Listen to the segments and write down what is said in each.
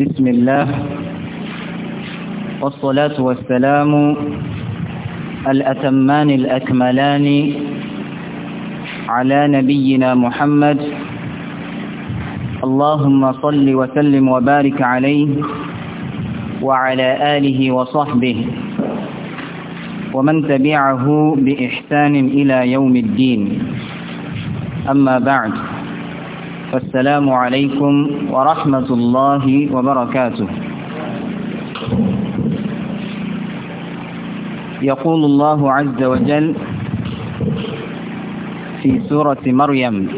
بسم الله والصلاة والسلام الأتمان الأكملان على نبينا محمد اللهم صل وسلم وبارك عليه وعلى آله وصحبه ومن تبعه بإحسان إلى يوم الدين أما بعد فالسلام عليكم ورحمة الله وبركاته يقول الله عز وجل في سورة مريم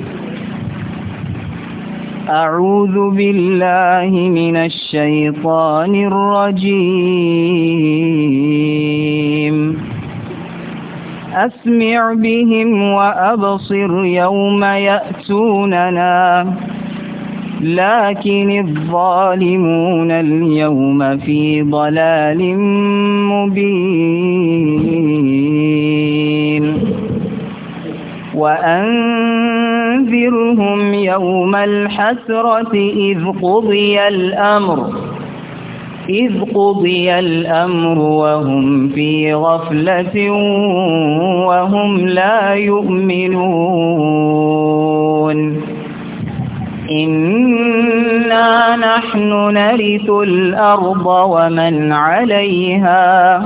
أعوذ بالله من الشيطان الرجيم أسمع بهم وأبصر يوم يأتوننا لكن الظالمون اليوم في ضلال مبين وأنذرهم يوم الحسرة إذ قضي الأمر إذ قضي الأمر وهم في غفلة وهم لا يؤمنون إنا نحن نرث الأرض ومن عليها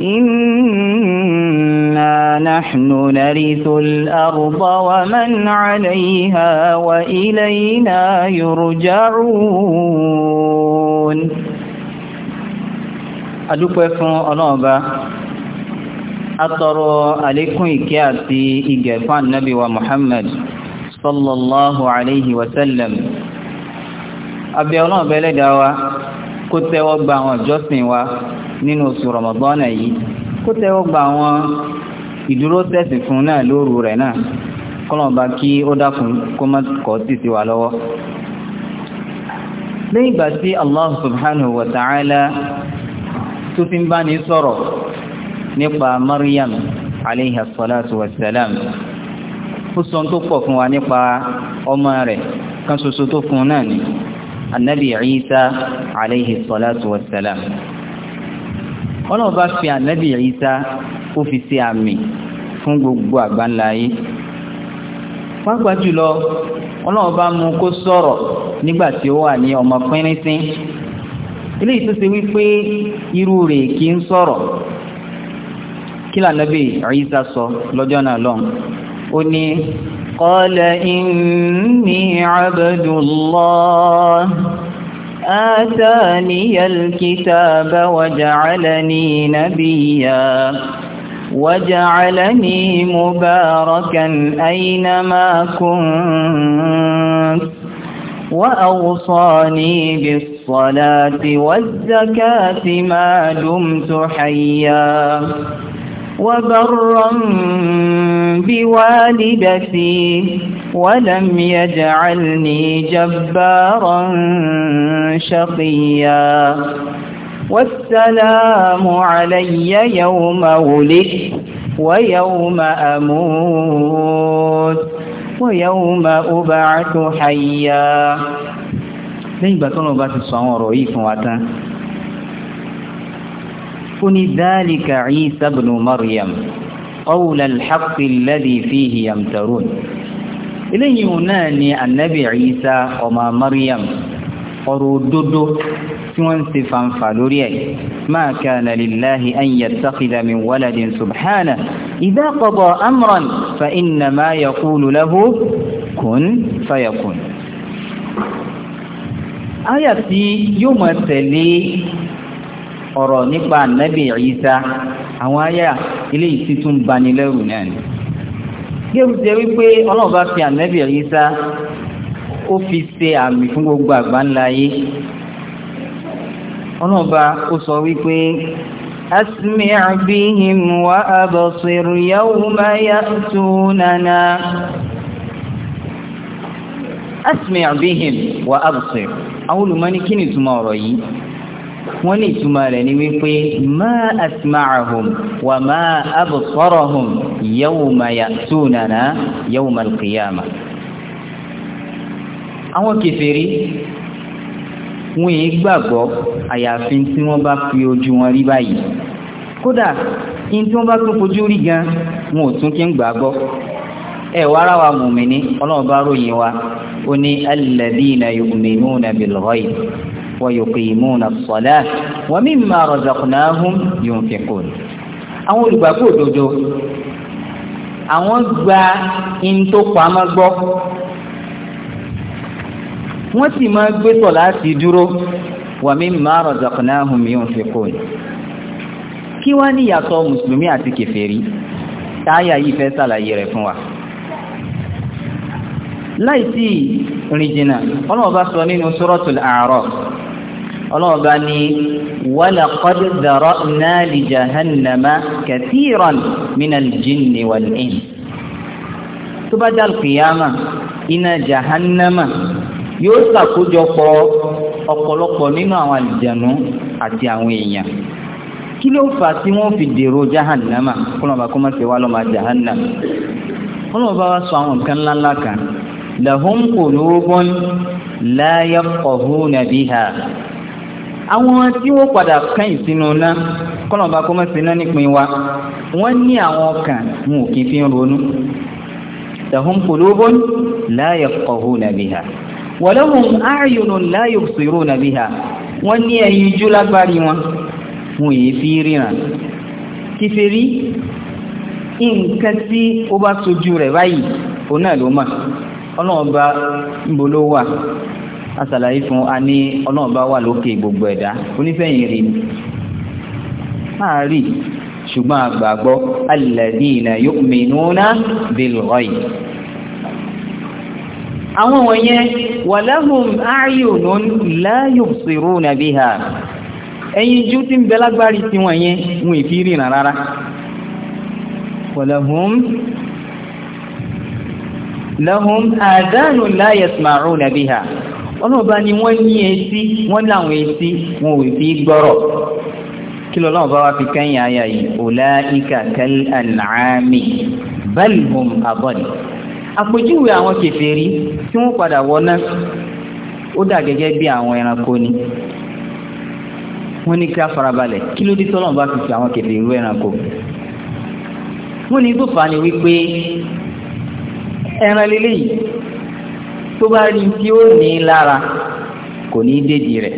إنا نحن نرث الأرض ومن عليها وإلينا يرجعون adúpẹ́ fún ọlọ́ọ̀ba atọrọ àlékún ìkẹ́ àti ìgẹ̀ fún ànábì wa Muhammad sallallahu alayhi wa sallam abẹ́ ọlọ́ọ̀ba ẹlẹ́dàá wa kó tẹ́wọ́ gba àwọn ìjọsìn wa nínú oṣù Ramadan yìí kó tẹ́wọ́ gba àwọn ìdúró tẹ̀sì fún náà lóru rẹ̀ náà kọ́lọ̀ọ̀ba kí ó dákun kó má kọ́ títí wa lọ́wọ́ lẹ́yìn ìgbà tí Allah subhanahu wa ta'ala tó ti ń bá ní sọ̀rọ̀ nípa Maryam aleyhi salatu wa salam ó sọ tó pọ̀ fún wa nípa ọmọ rẹ̀ kan ṣoṣo tó fún náà ni anabi Isa aleyhi salatu wa salam ọlọ́run bá fi anabi Isa ó fi ṣe àmì fún gbogbo àgbáńlá yìí pàápàá jùlọ ọlọ́run bá mú kó sọ̀rọ̀ nígbà tí ó wà ní ọmọ pínrín sí ilé ìtúnṣe wípé irú rẹ̀ kì ń sọ̀rọ̀ kí lànàbí Ìsá sọ lọ́jọ́ náà lọ́n ó ní qala inni abdullah آتاني الكتاب وجعلني نبيا وجعلني مباركا أينما كنت وأوصاني بالصلاة الصلاة والزكاة ما دمت حيا وبرا بوالدتي ولم يجعلني جبارا شقيا والسلام علي يوم ولدت ويوم أموت ويوم أبعث حيا lẹ́yìn ìgbà tó lọ́nà bá ti sọ àwọn ọ̀rọ̀ yìí fún wa tán fún ní dhalika Isa ibn Maryam qawla al-haqqi alladhi fihi yamtarun eléyìí òun náà ni ànábì Isa ọmọ Maryam ọ̀rọ̀ òdodo tí wọ́n ti fanfà lórí ẹ̀ ma kana lillahi an yattakhidha min waladin subhánà ìdá qada amran fa innama yaqulu lahu kun fayakun. àyà tí yóò mọ̀ tẹ̀lé ọ̀rọ̀ nípa ànábì Ìsá àwọn aya eléyìí tí tún bani lẹ́rù náà ni. wípé ọlọ́run bá fi ànábì Ìsá ó fi ṣe àmì fún gbogbo àgbáńlá yé ọlọ́run bá ó sọ wípé. أسمع بهم وأبصر يوم àwọn olùmọ́ni kí ni ìtumọ̀ ọ̀rọ̀ yìí wọ́n ní ìtumọ̀ rẹ̀ ni wípé ma wa ma absarahum yawma ya'tunana yawma al àwọn kèfèrí wọn èé gbàgbọ́ àyàfi tí wọ́n bá fi ojú wọn rí báyìí kódà tí wọ́n bá tún fojú gan wọn ò tún kí ń gbàgbọ́ ẹ̀ wa ó ní alladhina yu'minuna bil ghaib wa yuqimuna as-salah wa mimma razaqnahum yunfiqun àwọn olùgbàgbọ́ òdodo àwọn gba in tó pamọ́ gbọ́ wọ́n sì máa gbé sọ̀ láti dúró wa mimma razaqnahum yunfiqun kí wá ní ìyàtọ̀ mùsùlùmí àti kèfèrí táyà yìí fẹ́ sàlàyé rẹ̀ fún wa láìsí rìn jìnnà ọlọ́wọ́ bá sọ nínú suratul A'raf ọlọ́wọ́ bá ní walaqad dhara'na li jahannama kathiran minal jinni wal ins tó bá dá kìyàmà iná jahannama yóò ṣàkójọpọ̀ ọ̀pọ̀lọpọ̀ nínú àwọn àlìjẹ̀nú àti àwọn èèyàn kí ló fà tí wọ́n fi dèrò jahannama kọ́nà bá kọ́ máa ṣe jahannama kọ́nà bá wá sọ àwọn nǹkan ńláńlá kan lahum qulubun la yafqahuna biha àwọn tí wọ́n padà kẹ́yìn sínú náà kọ́nàbà kó mọ́sí náà nípìn wa wọ́n ní àwọn ọkàn wọn ò kí fi ń ronú lahum qulubun la yafqahuna biha wa lahum a'yunun la yubsiruna biha wọ́n ní ẹyin jú lágbárí wọn wọn èyí fi ríran kìfèrí nǹkan tí ó bá sojú rẹ̀ báyìí òun náà ló mọ̀ ọlọ́run bá níbo ló wà asàlàyé fún a ní ọlọ́run bá wà lókè gbogbo ẹ̀dá onífẹ̀yìn rí ni láàárín ṣùgbọ́n àgbàgbọ́ alladhina yu'minuna bil-ghayb àwọn wọ̀nyẹn walahum a'yunun la yubsiruna biha ẹ̀yin jú tí ń bẹ lágbárí tí wọ̀nyẹn wọn ì fi rìnà rárá walahum lahum àdánù la yasma'una biha ọlọ́ọ̀bá ni wọ́n ní etí wọ́n láwọn etí wọn ò fi gbọ́rọ̀ kí lọ láwọn bá wá fi kẹ́yìn àyà yìí ulaika kal an'ami bal hum abọ́ni àpèjúwe àwọn kèfèrí tí wọ́n padà wọ́ná ó dà gẹ́gẹ́ bí àwọn ẹranko ni wọ́n ní ni wípé ẹran lílé yìí tó bá rí tí ó ní lára kò ní dédì rẹ̀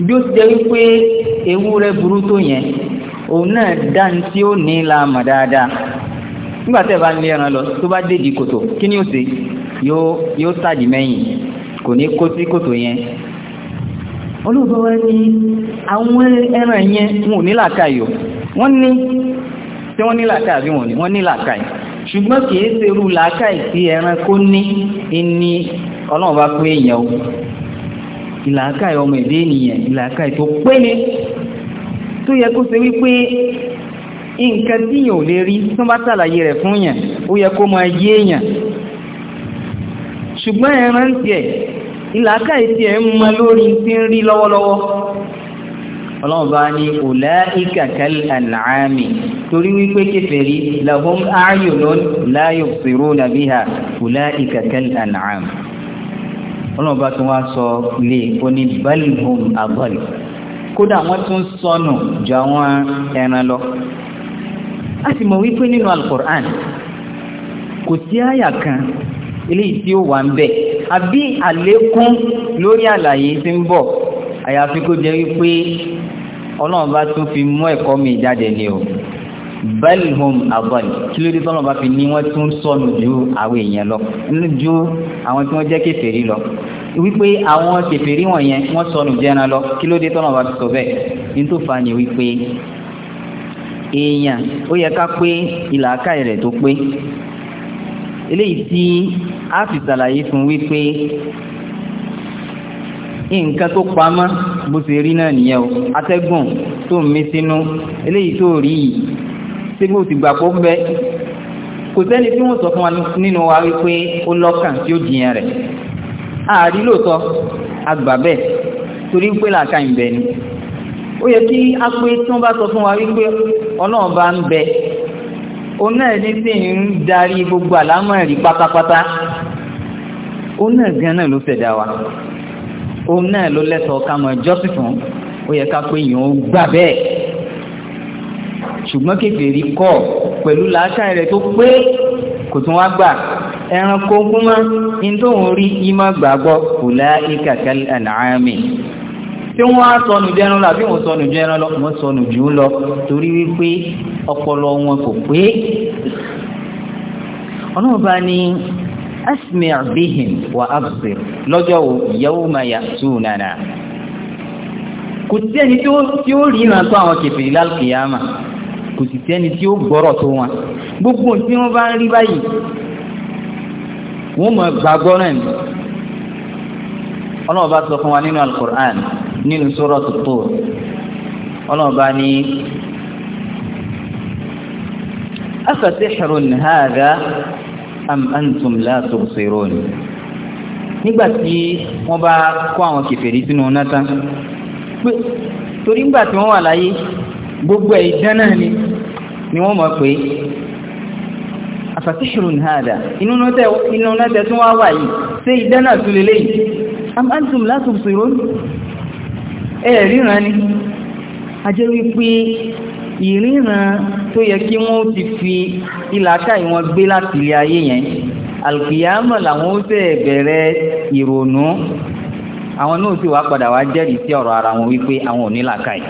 bí ó ti jẹ́ wípé ewu rẹ̀ burú tó yẹn òun náà dá ní tí ó ní la mọ̀ dáadáa nígbàtẹ́ bá lé ẹran lọ tó bá dédì kòtò kí ni ó ṣe yóò tàdí mẹ́yìn kò ní kó sí kòtò yẹn olóògbé wa ní àwọn ẹran yẹn wọn ò ní làákàyò wọ́n ní tí wọ́n ní làákàyò àbí wọ́n ní làákàyò ṣùgbọ́n kì í ṣe irú làákà ìsí ẹranko ní ẹni ọlọ́run bá pé èèyàn o ìlàákà ọmọ èdè ènìyàn ìlàákà tó pé ni tó yẹ kó ṣe wípé nǹkan tí yàn ò lè rí tó bá ṣàlàyé rẹ̀ fún yàn ó yẹ kó máa yé èèyàn ṣùgbọ́n ẹran tiẹ̀ ìlàákà ìsí ẹ̀ ń mọ lórí ti ń rí lọ́wọ́lọ́wọ́ ọlọ́run bá ní ulaika kal an'ami torí wípé kèfèrí lahum a'yunun la yubsiruna biha ulaika kal an'ami ọlọ́run bá tún wá sọ lé oní bal hum adall kódà wọ́n tún sọnù jọ àwọn ẹran lọ a sì mọ̀ wípé nínú al kò sí àyà kan eléyìí tí ó wà ń bẹ àbí àlékún lórí àlàyé tí ń bọ̀ àyàfi kó jẹ́ wípé ọlọ́run bá tún fi mú ẹ̀kọ́ mi jáde ni o belhum abal kí ló dé tọ́lọ́ bá fi ní wọ́n tún sọnù ju àwọn èèyàn lọ ju àwọn tí wọ́n jẹ́ kèfèrí lọ wípé àwọn kèfèrí wọ̀nyẹn wọ́n sọnù jẹ́ran lọ kí ló dé tọ́lọ́ bá fi sọ bẹ́ẹ̀ ní tó fa ni wípé èèyàn ó yẹ ká pé ìlàákàyè rẹ̀ tó pé eléyìí tí a fi ṣàlàyé fún wípé nǹkan tó pamọ́ bó ṣe rí náà nìyẹn o atẹ́gùn tó ń mí sínú eléyìí tó rí yìí ṣé bó ti gbàgbọ́ bẹ́ kò sẹ́ni tí wọ́n sọ fún wa nínú wa wípé ó lọ́kàn tí ó jiyàn rẹ̀ ààrí lóòótọ́ àgbà bẹ́ẹ̀ torí pé làákà ń bẹ ni ó yẹ kí a tí wọ́n bá sọ fún wa wípé ọlọ́run bá ń bẹ òun náà ní sí ń darí gbogbo àlámọ̀rí pátápátá òun náà gan náà ló fẹ̀dá wa òun náà ló lẹ́tọ̀ọ́ ká mọ jọ́sìn fún ó yẹ ká pé èèyàn ó gbà bẹ́ẹ̀ ṣùgbọ́n kèfèrí kọ̀ pẹ̀lú làákà rẹ̀ tó pé kò tún wá gbà ẹranko gúnmọ́ in tó ń rí ìmọ̀ gbàgbọ́ kò láì kàkà àlàámì tí wọ́n á sọnù jẹran lọ àbí wọ́n sọnù jẹran lọ wọ́n sọnù jù lọ torí wípé ọpọlọ wọn kò pé ọlọ́run bá ní asmi' bihim wa absir lọ́jọ́ yawma ya'tunana kò sí ẹni tí ó rí ìrìn tó àwọn kèfèrè lálùkìyàmà kò sì sí ẹni tí ó gbọ́rọ̀ tó wọn gbogbo tí wọ́n bá ń rí báyìí wọ́n mọ̀ gbàgbọ́ náà ni ọlọ́ọ̀bá sọ fún wa nínú al-Qur'an nínú Suratu Tur ọlọ́ọ̀bá ní afasihrun hadha am antum la tubsirun ni nígbà tí wọ́n bá kó àwọn kèfèrí sínú ọ̀nà tán pé torí nígbà tí wọ́n wà láyé gbogbo ẹ̀ ìdán náà ni ni wọ́n mọ̀ pé afatihirun hada inú náà tẹ́ tún wá wà yìí ṣé ìdán náà tún lè léyìí am antum la tubsirun ẹ̀ẹ̀ríran ni a wípé ìríran tó yẹ kí wọ́n ti fi ìlàkà ìwọ̀n gbé láti ilé ayé yẹn alùpìyàmọ̀ làwọn ó tẹ̀ bẹ̀rẹ̀ ìrònú àwọn náà sì wá padà wá jẹ́rìí sí ọ̀rọ̀ ara wọn wípé àwọn ò ní làkàì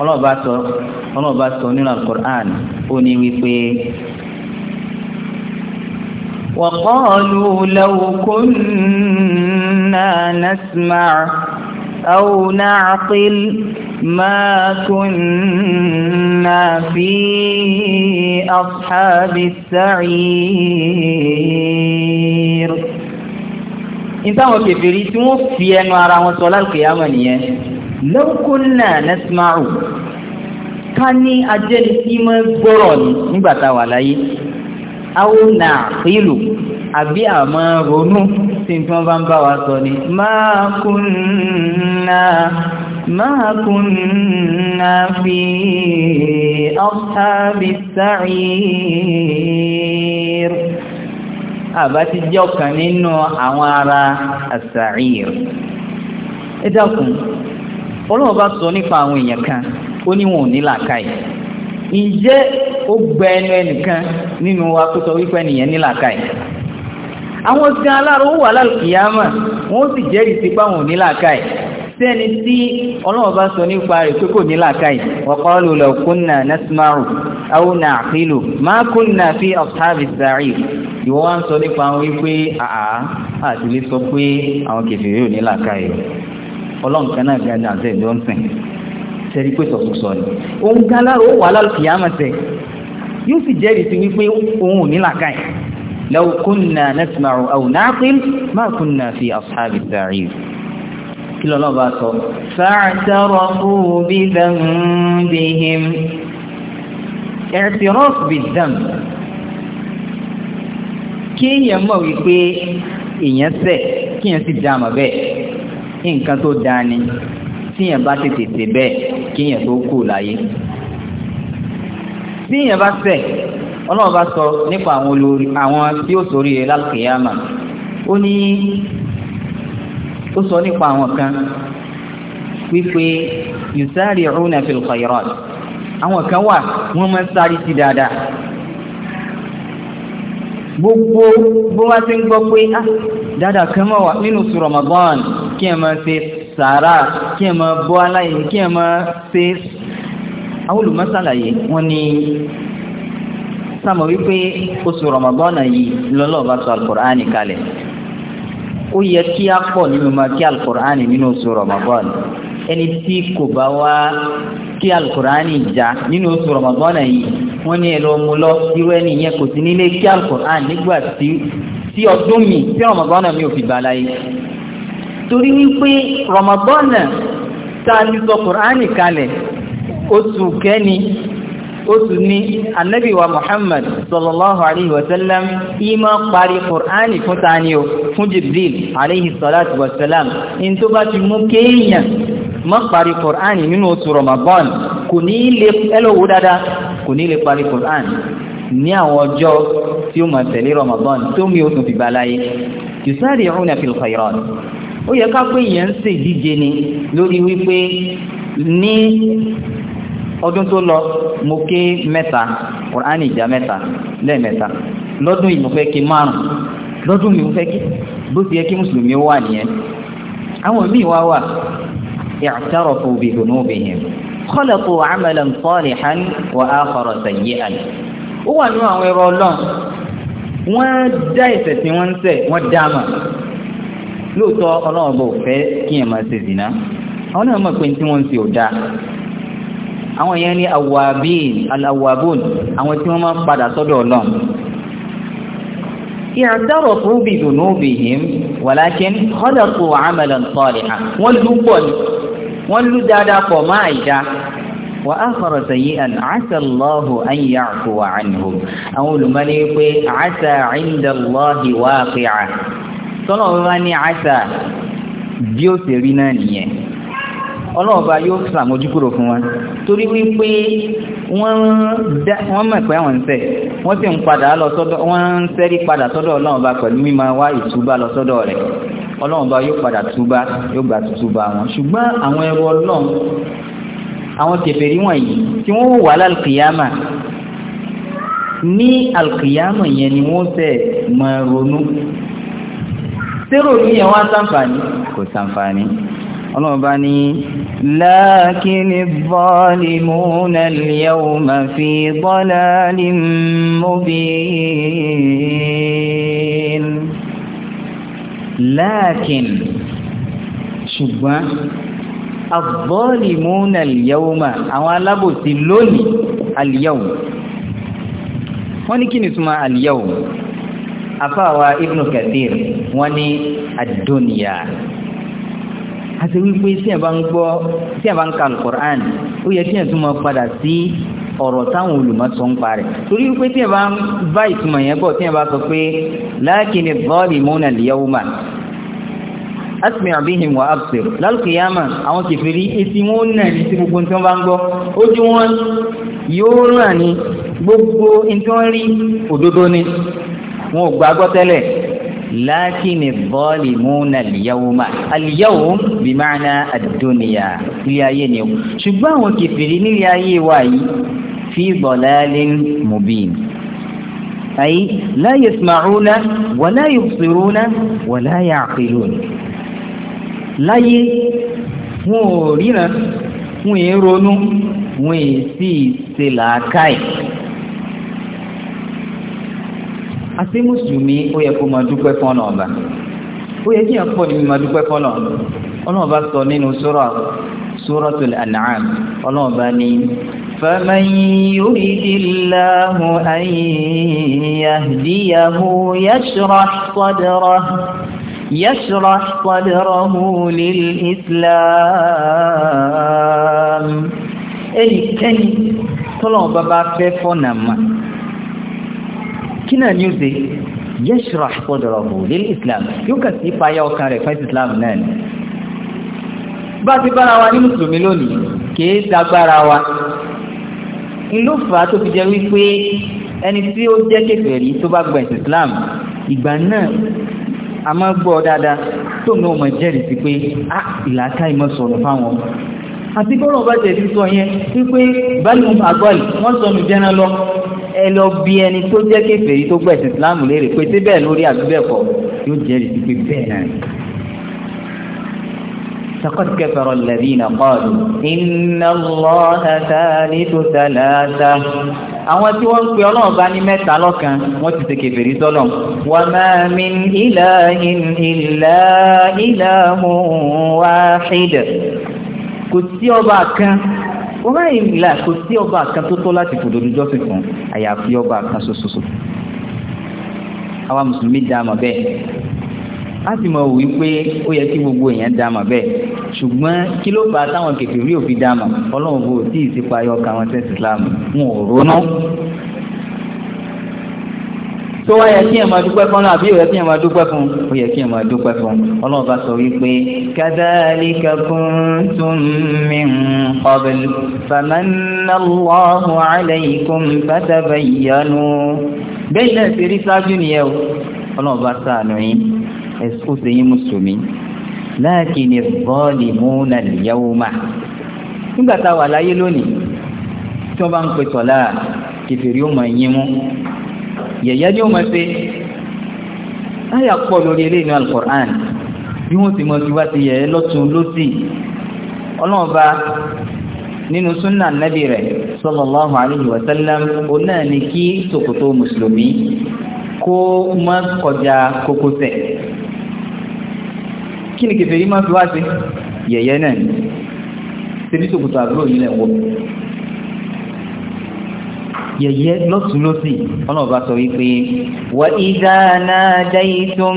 ọlọ́ọ̀bá sọ ọlọ́ọ̀bá sọ nínú alukur'an ó ní wípé. وقالوا لو كنا نسمع أو نعقل ما كنا في أصحاب السعير ìtàwọn kèfèrí tí wọ́n fi ẹnu ara wọn sọ lálùkìyàmọ̀ nìyẹn law kunna nasma'u ká ní ajẹ́ni tí mọ́ gbọ́rọ̀ ní nígbàtà wà láyé aw na'qilu àbí àmọ́ ronú tí wọ́n bá ń wa sọ ni ma kunna ما كنا في أصحاب السعير àbá ti jẹ́ ọ̀kan nínú àwọn ará àsàìr ẹ dákun ọlọ́run bá sọ nípa àwọn èèyàn kan ó ní wọn ò ní làákàyè ǹjẹ́ ó gbẹ ẹnu ẹnìkan nínú wa tó sọ wípé ẹnìyẹn ní làákàyè àwọn gan aláàrọ̀ wà lálùkìyàmà wọ́n sì jẹ́rìí sí pé ní làákàyè sẹ́ni tí ọlọ́wọ́ bá sọ nípa rẹ̀ pé kò ní làákàyè ọ̀pọ̀lù law kunna nasma'u aw na'qilu ma kunna fi ashabis sa'ir ìwọ́n wá ń sọ nípa àwọn wípé àá àti lè sọ pé àwọn kèfèrè ò ní làákàyè ọlọ́run kan náà gbàdá àti ẹ̀dọ́ ń sìn sẹ́rí pé sọ̀tún sọ ni òun gan lára ó wà lálùkì yóò sì jẹ́rìí sí wípé òun ò ní làákàyè law kunna nasma'u aw na'qilu ma kunna fi ashabis sa'ir kí lọ́lọ́ bá sọ fa'tarafu bi dhanbihim i'tiraf bi dhanb kí èèyàn mọ̀ wípé èèyàn ṣẹ̀ kí èèyàn sì dá àmọ̀ bẹ́ẹ̀ nǹkan tó dáa ni tí èèyàn bá tètè ṣe bẹ́ẹ̀ kí èèyàn tó kù láyé tí èèyàn bá ṣẹ̀ ọlọ́run sọ nípa àwọn olórí àwọn tí ó sórí ẹ lálùkìyàmà ó ní ó sọ nípa àwọn kan wípé yusari'una fil khayrat àwọn kan wà wọ́n máa ń sáré sí dáadáa gbogbo bó wá ti ń gbọ́ pé ah dáadáa kan máa wà nínú oṣù Ramadan kí ẹ máa ṣe sàárà kí ẹ máa bọ́ aláìní kí ẹ máa ṣe àwọn olùmọ́sàlàyé wọ́n ní sáàmù wípé oṣù Ramadan yìí lọ́lọ́ọ̀bá sọ Al-Qur'ani kalẹ̀ ó yẹ kí a pọ̀ nínú ma kí alukur'ani nínú oṣù ramadan ẹni tí kò bá wá kí alukur'ani já nínú oṣù ramadan yìí wọ́n ní ẹ̀rọ mu lọ irú ẹni yẹn kò sí nílé kí alukur'ani nígbà tí tí ọdún mi tí ramadan mi ò fi bala yìí torí wípé ramadan tá a ní sọ kur'ani kalẹ̀ oṣù kẹ́ni ó tún ní anabi wa muhammad sallallahu alayhi wa sallam ima parí qur'ani fún tani o fún jibril alayhi salatu wa salam in tó bá ti mú kéèyàn má parí qur'ani nínú oṣù ramadan kò ní lè ẹlòwò dáadáa kò ní lè parí qur'ani ní àwọn ọjọ́ tí ó máa tẹ̀lé ramadan tó mi ó tún fi balaye yusari'una fil khairat ó yẹ ká pé ìyẹn ń ṣèdíje ni lórí wípé ní ọdún tó lọ mo ké mẹ́ta Kùránì ìjà mẹ́ta lẹ́ẹ̀mẹ́ta lọ́dún yìí mo fẹ́ ké márùn lọ́dún yìí mo fẹ́ ké bó ti yẹ kí mùsùlùmí wà nìyẹn àwọn míì wá wà i'tarafu bi dhunubihim khalaqu 'amalan salihan wa akhara sayyi'an ó wà nínú àwọn ẹ̀rọ ọlọ́run wọ́n dá ẹ̀ṣẹ̀ tí wọ́n ń ṣẹ̀ wọ́n dá mà lóòótọ́ ọlọ́run bò fẹ́ kí ẹ̀ máa ṣe zìnà àwọn náà mọ̀ pé tí wọ́n ń ṣe ò dáa àwọn yẹn ní awabin alawabun àwọn tí wọ́n máa ń padà sọ́dọ̀ ọlọ́run ìyàndọ̀rọ̀ fún bìdùnú bìhìm wàlákin khalaqu amalan salihan wọ́n lú pọ̀ ní wọ́n lú dáadáa pọ̀ máa ìdá wà á kọ̀rọ̀ sẹ̀yí àn àṣà lọ́hù an ya'fu anhum àwọn olùmọ́ni pé àṣà inda Allahi waqi'a tọ́lọ̀ wọn ní àṣà bí ó ṣe rí náà nìyẹn ọlọ́ọ̀ba yóò sàmójúkúrò fún wọn torí wípé wọ́n mọ̀ pé àwọn ń ṣẹ̀ wọ́n sì ń padà lọ sọ́dọ̀ wọ́n ń ṣẹ́rí padà sọ́dọ̀ ọlọ́ọ̀ba pẹ̀lú mímọ wá ìtúbà lọ sọ́dọ̀ rẹ̀ ọlọ́ọ̀ba yóò padà túbà yóò gbà túbà wọn ṣùgbọ́n àwọn ẹrù ọlọ́run àwọn kèfèrí wọ̀nyí tí wọ́n wà lálùkìyàmà ní alùkìyàmà yẹn ni wọ́n ṣẹ̀ máa ronú sérò ní yẹn wá ṣàǹfààní kò ṣàǹfààní ọlọ́run bá ní láàkínní bọ́ọ̀lì múnà lẹ́wọ̀ máa fi bọ́lá lè mọ́bí láàkín ṣùgbọ́n àbọ́ọ̀lì múnà lẹ́wọ̀ máa àwọn alábòsí lónìí àlìyàwó wọ́n ní kí ni túnmọ̀ àlìyàwó kathir wọ́n ní àti wípé tí ẹ̀ bá ń gbọ́ tí ẹ̀ bá ń ka alukur'an ó yẹ kí ẹ̀ tún máa padà sí ọ̀rọ̀ táwọn olùmọ̀ sọ ń parẹ̀ torí wípé tí ẹ̀ ń bá ìtumọ̀ yẹn bọ̀ tí ẹ̀ sọ pé láàkínní bọ́ọ̀lì múnà lìyàwó mà asmi abihim wa absir lálùkìyàmà àwọn kìfìrí etí wọn nà ní sí gbogbo tí wọn bá ń gbọ́ ojú wọn yóò ràn ní gbogbo tí rí òdodo ni wọn ò gbàgbọ́ tẹ́lẹ̀ لكن الظالمون اليوم اليوم بمعنى الدنيا لياينيو ṣùgbọ́n شبان kèfèrí nílé ayé في ضلال مبين أي لا يسمعون ولا يبصرون ولا يعقلون لا wọn ò ríran wọn ò ronú wọn àti mùsùlùmí ó yẹ kó máa dúpẹ́ fọ́nà ọba ó yẹ kí yẹn pọ̀ níbi máa dúpẹ́ fọ́nà ọlọ́run bá sọ nínú sura suratul an'am ọlọ́run bá ní فمن يرد الله أن يهديه يشرح صدره يشرح صدره للإسلام أي كان طلع بابا في فنما Kina náà ní ó ṣe lil islam yóò kà sí ìpayà ọkàn rẹ̀ fẹ́ islam náà ni ti bára wa ní mùsùlùmí lónìí kìí dágbára wa ìlú fà á tó fi jẹ́ wípé ẹni tí ó jẹ́ kèfèrí tó bá gba islam ìgbà náà a máa gbọ́ dáadáa tó ní ọmọ jẹ́rìí sí pé á ah, ìlàkà ìmọ̀ sọ̀rọ̀ fáwọn àti bọ́rọ̀ bá jẹ́ sí sọ yẹn wípé báyìí àgbọ̀lì wọ́n sọ nù jẹ́ná lọ ẹ lọ bí ẹni tó jẹ́ kèfèrí tó gbẹ̀sìn Islam léèrè pé tí bẹ́ẹ̀ lórí àdúgbẹ̀kọ yóò jẹ́rìí sí pé bẹ́ẹ̀ náà ni. لقد كفر الذين قالوا إن الله ثالث ثلاثة àwọn tí wọ́n ń pe ọlọ́run bá ní mẹ́ta lọ́kan wọ́n ti ṣe kèfèrí sọ́lọ̀ wa ma min ilahin illa ilahun wahid kò sí ọba kan wọ́n ìlà kò sí ọba kan tó tọ́ láti fòdòdó jọ́sìn fún àyàfi ọba kan ṣoṣoṣo àwa mùsùlùmí dáàmà bẹ́ẹ̀ a sì mọ̀ wípé ó yẹ kí gbogbo èèyàn dáàmà bẹ́ẹ̀ ṣùgbọ́n kí ló bá táwọn kèfèrí òfin dáàmà ọlọ́run kò tí ì sípa ayọ́ka wọn tẹ́sí Islam wọn ò tó wá yẹ kí ẹ máa dúpẹ́ fún àbí ìwẹ́ kí ẹ máa dúpẹ́ fún ó yẹ kí ẹ máa dúpẹ́ fún ọlọ́run bá sọ wípé kadhalika kuntum min qabl famanna Allahu alaykum fatabayyanu bẹ́ẹ̀ náà ṣe rí ṣáájú nìyẹn o ọlọ́run bá ṣàánú yín ẹ̀sùn ṣe yín mùsùlùmí lakin adh-dhalimuna al-yawma nígbà tá láyé lónìí tí wọ́n bá ń pè sọ̀lá kìfìrí ó mọ̀ yẹ̀yẹ́ ni ó máa ṣe láyà pọ̀ lórí ilé inú Al-Qur'an bí wọ́n ti mọ̀ sí wá ti yẹ̀yẹ́ lọ́tún lọ́sì ọlọ́ọ̀ba nínú súnà nàbì rẹ̀ sallallahu alayhi wa sallam òun náà ni kí ṣòkòtò mùsùlùmí kó má kọjá kókósẹ̀ kí ni kẹfẹ́ yìí máa fi wá sí yẹ̀yẹ́ náà ni ṣe bí ṣòkòtò àbúrò yìí lẹ̀ wọ́n yẹ̀yẹ́ lọ́sùlọ́sì ọlọ́ọ̀bá sọ wípé wà ìdá náà dáìtùm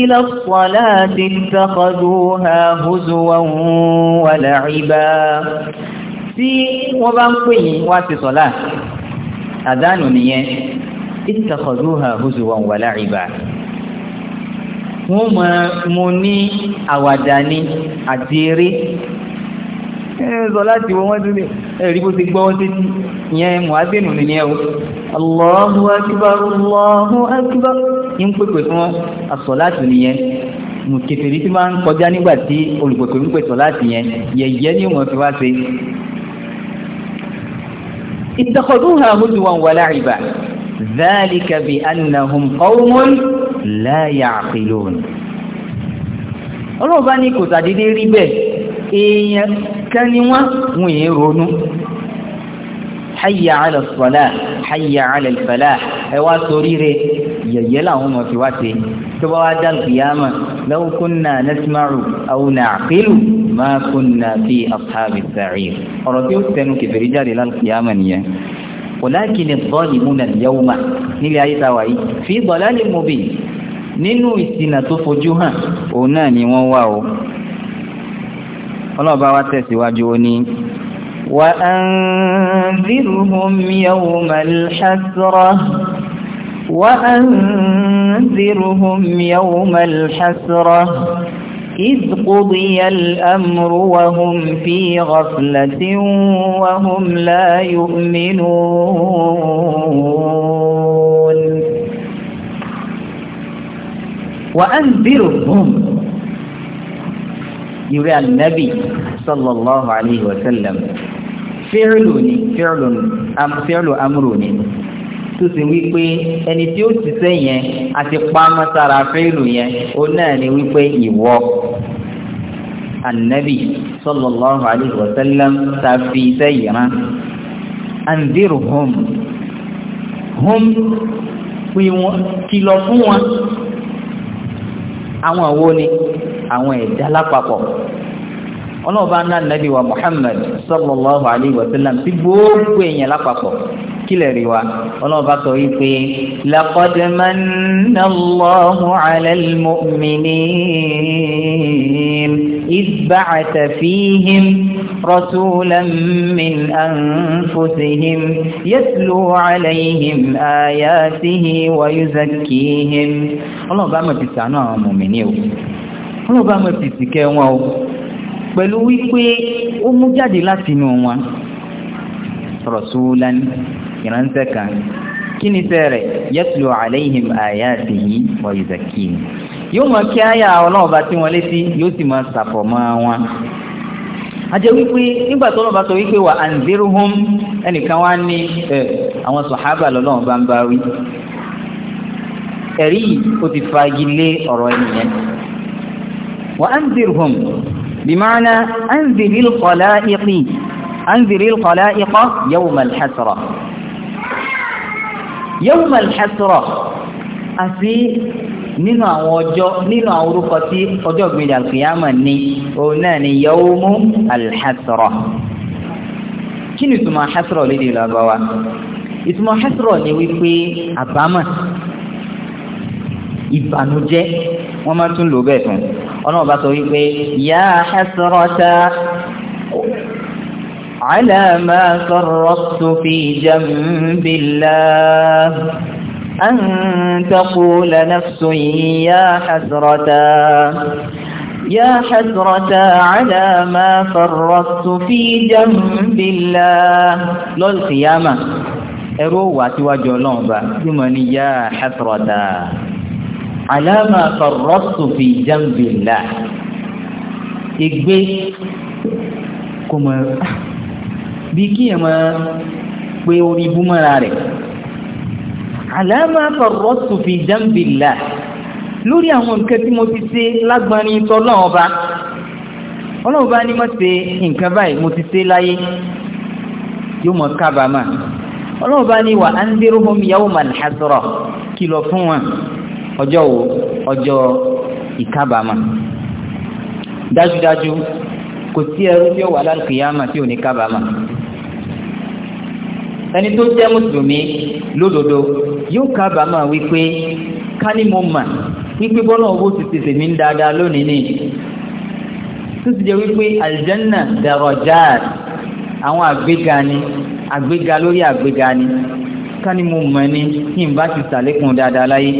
ilẹ̀ pọ̀lá ti tọ́kọ̀dú ha húzù wọn wà láìbá tí wọ́n bá ń pè yín wá ti sọ̀lá àdánù nìyẹn ìtọ́kọ̀dú ha húzù wọn wà láìbá wọ́n mọ̀ mú ní àwàdà ní àti eré sọ láti wọ wọ́n tún lè ẹ̀rí bó ti gbọ́ wọ́n títí ìyẹn mùhàdínù nìyẹn o Allahu akbar Allahu akbar ń pèpè fún àsọ̀láàtù nìyẹn mùkẹtẹ̀rí tí máa ń kọjá nígbà tí olùpèpè ń pèsè láti yẹn yẹ̀yẹ́ ni ní kò sàdédé nìkan ni wọ́n wọ́n yìí ronú hayya ala sọlá hayya ala ìfẹlá ẹ wá sórí rẹ yẹyẹ làwọn ọmọ fi wá sí tó bá wá dá kìyàmà law kunna nasma'u aw na'qilu ma kunna fi ashabi sa'ir ọ̀rọ̀ tí ó tẹnu kẹfẹ́rí jáde lálùkìyàmà nìyẹn walakin adh-dhalimuna al-yawma nílẹ̀ ayé táwa yìí fi dalalin mubin nínú ìsìnà tó ọlọ́ọ̀bá wa tẹ̀síwájú ó ní وأنذرهم يوم الحسرة وأنذرهم يوم الحسرة إذ قضي الأمر وهم في غفلة وهم لا يؤمنون وأنذرهم irú ànábì sallallahu alayhi wa sallam fẹ́rẹ̀lù ni fẹ́rẹ̀lù amúrò ni tó sì wípé ẹni tí ó ti sẹ́yìn àti pamọ́ sára fẹ́rẹ̀lù yẹn ó náà ni wípé ìwọ ànábì sallallahu alayhi wa sallam ta fi sẹ́yìn rán anziru hum hum kìlọ̀ fún wọn àwọn àwo ni àwọn ẹ̀dá lápapọ̀ ọlọ́ọ̀bá ńlá nàbí wa Muhammad sallallahu alayhi wa sallam ti gbogbo èèyàn lápapọ̀ kílẹ̀ rí wa ọlọ́ọ̀bá sọ wípé laqad manna Allahu ala al-mu'minin idh ba'atha fihim rasulan min anfusihim yatlu alayhim ayatihi wa mọ̀ ti sànú àwọn mùmíní o. wọn bá mọ tètè nwa o pẹ̀lú wípé ó mú jáde láti inú wọn rasulan ìránṣẹ́ kan kí ni iṣẹ́ rẹ̀ yatlu alayhim ayatihi wa yóò mọ kí àyà ọlọ́run tí wọn létí yóò sì máa ṣàfọ̀mọ́ wọn wípé nígbà tó lọ́ba sọ wípé wà anzirhum ẹnìkan wá ní àwọn sọ̀hábà ń bá wí ẹ̀rí yìí ó ti وأنذرهم بمعنى أنذر الخلائق أنذر الخلائق يوم الحسرة يوم الحسرة أسي nínú àwọn ọjọ́ nínú àwọn orúkọ tí ọjọ́ ìgbìyànjú alkiyama ní òun náà ni yawmu alhassara kí ni ìtumọ̀ hassara lédè lọ́gbọ́wá ìtumọ̀ hassara ni wípé àbámọ̀ ìbànújẹ́ wọ́n máa tún lò bẹ́ẹ̀ fún ọlọ́run bá sọ wípé yá hasrata ala ma sarraftu fi jambillah an taqula nafsun yá hasrata يا حسرة على ما فرطت في جنب الله للقيامة ẹ̀rọ wà tíwájú ọlọ́run bá tí mo àlámà farrọ́tù fi jambi ńlá ìgbé kò mọ̀ bí kí ẹ̀ máa pé orí búmọ́ra rẹ̀ àlámà farrọ́tù fi jambi ńlá lórí àwọn nǹkan tí mo ti ṣe lágbárin tọ́lọ́ ọba ọlọ́run bá ní mọ́ ṣe nǹkan báyìí mo ti ṣe láyé yóò mọ̀ kábàámà ọlọ́run bá ní wà á ń dérò homi yawmal hasra kìlọ̀ fún wọn ọjọ́ wo ọjọ́ ìkábàámà dájúdájú kò sí ẹrú tí ó wà lálùkìyàmà tí ò ní kábàámà ẹni tó jẹ́ mùsùlùmí lódodo yóò kábàámà wípé ká ní mo mà wípé bọ́lá owó ti tètè mí ń dáadáa lónìí ni tó ti jẹ́ wípé àlìjánà dàrọ̀jáàt àwọn àgbéga ni àgbéga lórí àgbéga ni ká ní mo mọ̀ ni kí n bá ti sàlékún dáadáa láyé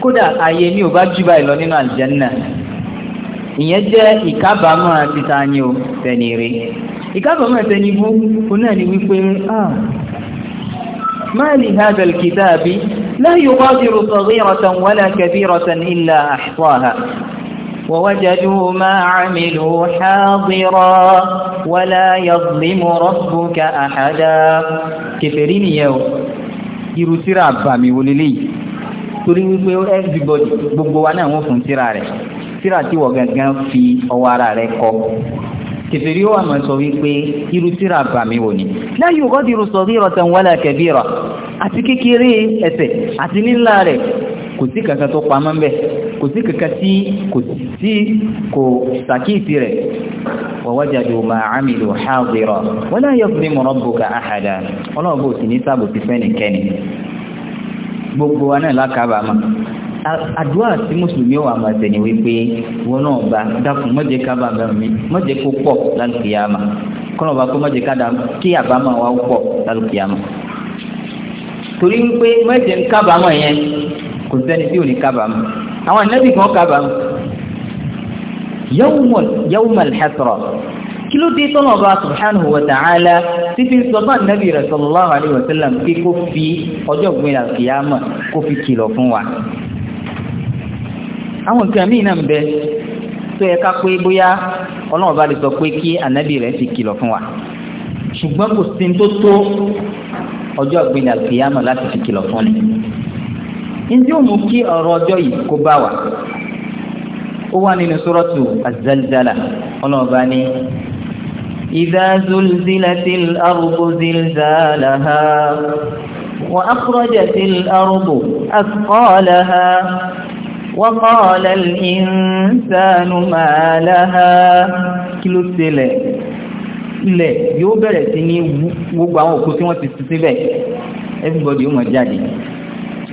kódà ààyè mi ò bá jù báyìí lọ nínú àlìjẹ́nà ìyẹn jẹ́ ìkábàámọ̀ àti tani o tẹ̀lé rí ìkábàámọ̀ tẹ̀lé bú kó náà ni wípé ما لهذا الكتاب لا يغادر صغيرة ولا كبيرة إلا أحصاها ووجدوا ما عملوا حاضرا ولا يظلم ربك أحدا كفرين يو يرسر عبامي وللي torí wípé everybody gbogbo wa náà wọ́n fún tírà rẹ̀ tírà tí wọ́n gangan fi ọwọ́ ara rẹ̀ kọ́ kẹfẹ́rí wa máa sọ wípé irú tírà bàmí wò ni la yughadiru saghiratan wala kabira àti kékeré ẹsẹ̀ àti nílá rẹ̀ kò sí kankan tó pamọ́ mbẹ́ kò sí kankan tí kò sí kò sàkíyèsí rẹ̀ wa wajadu ma amilu hadira wala yazlimu rabbuka ahada ọlọ́ọ̀bù sì ní sábò ti fẹ́ nìkẹ́ni gbogbo wa náà lákàbàmà àdúrà tí mùsùlùmí wà máa tẹ̀ ní wípé wọn náà bá dákun má jẹ́ kábàámà mi má jẹ́ kó pọ̀ lálùkìyàmà kọ́nà bá kó má jẹ́ kí àbámà wa pọ̀ lálùkìyàmà torí wípé má jẹ́ kábàámà yẹn kò sẹ́ni tí ò ní kábàámà àwọn ànábì kan kábàámà yawmal yawmal hasra. kí ló dé tọ́lọ̀ bá subhanahu wa ta'ala títí sọ́tọ́ nàbì rẹ̀ sallam pé kó fi ọjọ́ ògbìn kó fi kìlọ̀ fún wa àwọn nǹkan míì náà ń bẹ tó yẹ ká pé bóyá ọlọ́run bá lè sọ pé kí ànábì rẹ̀ fi kìlọ̀ fún wa ṣùgbọ́n kò sí tó tó ọjọ́ ògbìn fi kìlọ̀ ni إذا زلزلت الأرض زلزالها وأخرجت الأرض أثقالها وقال الإنسان ما لها kí ló everybody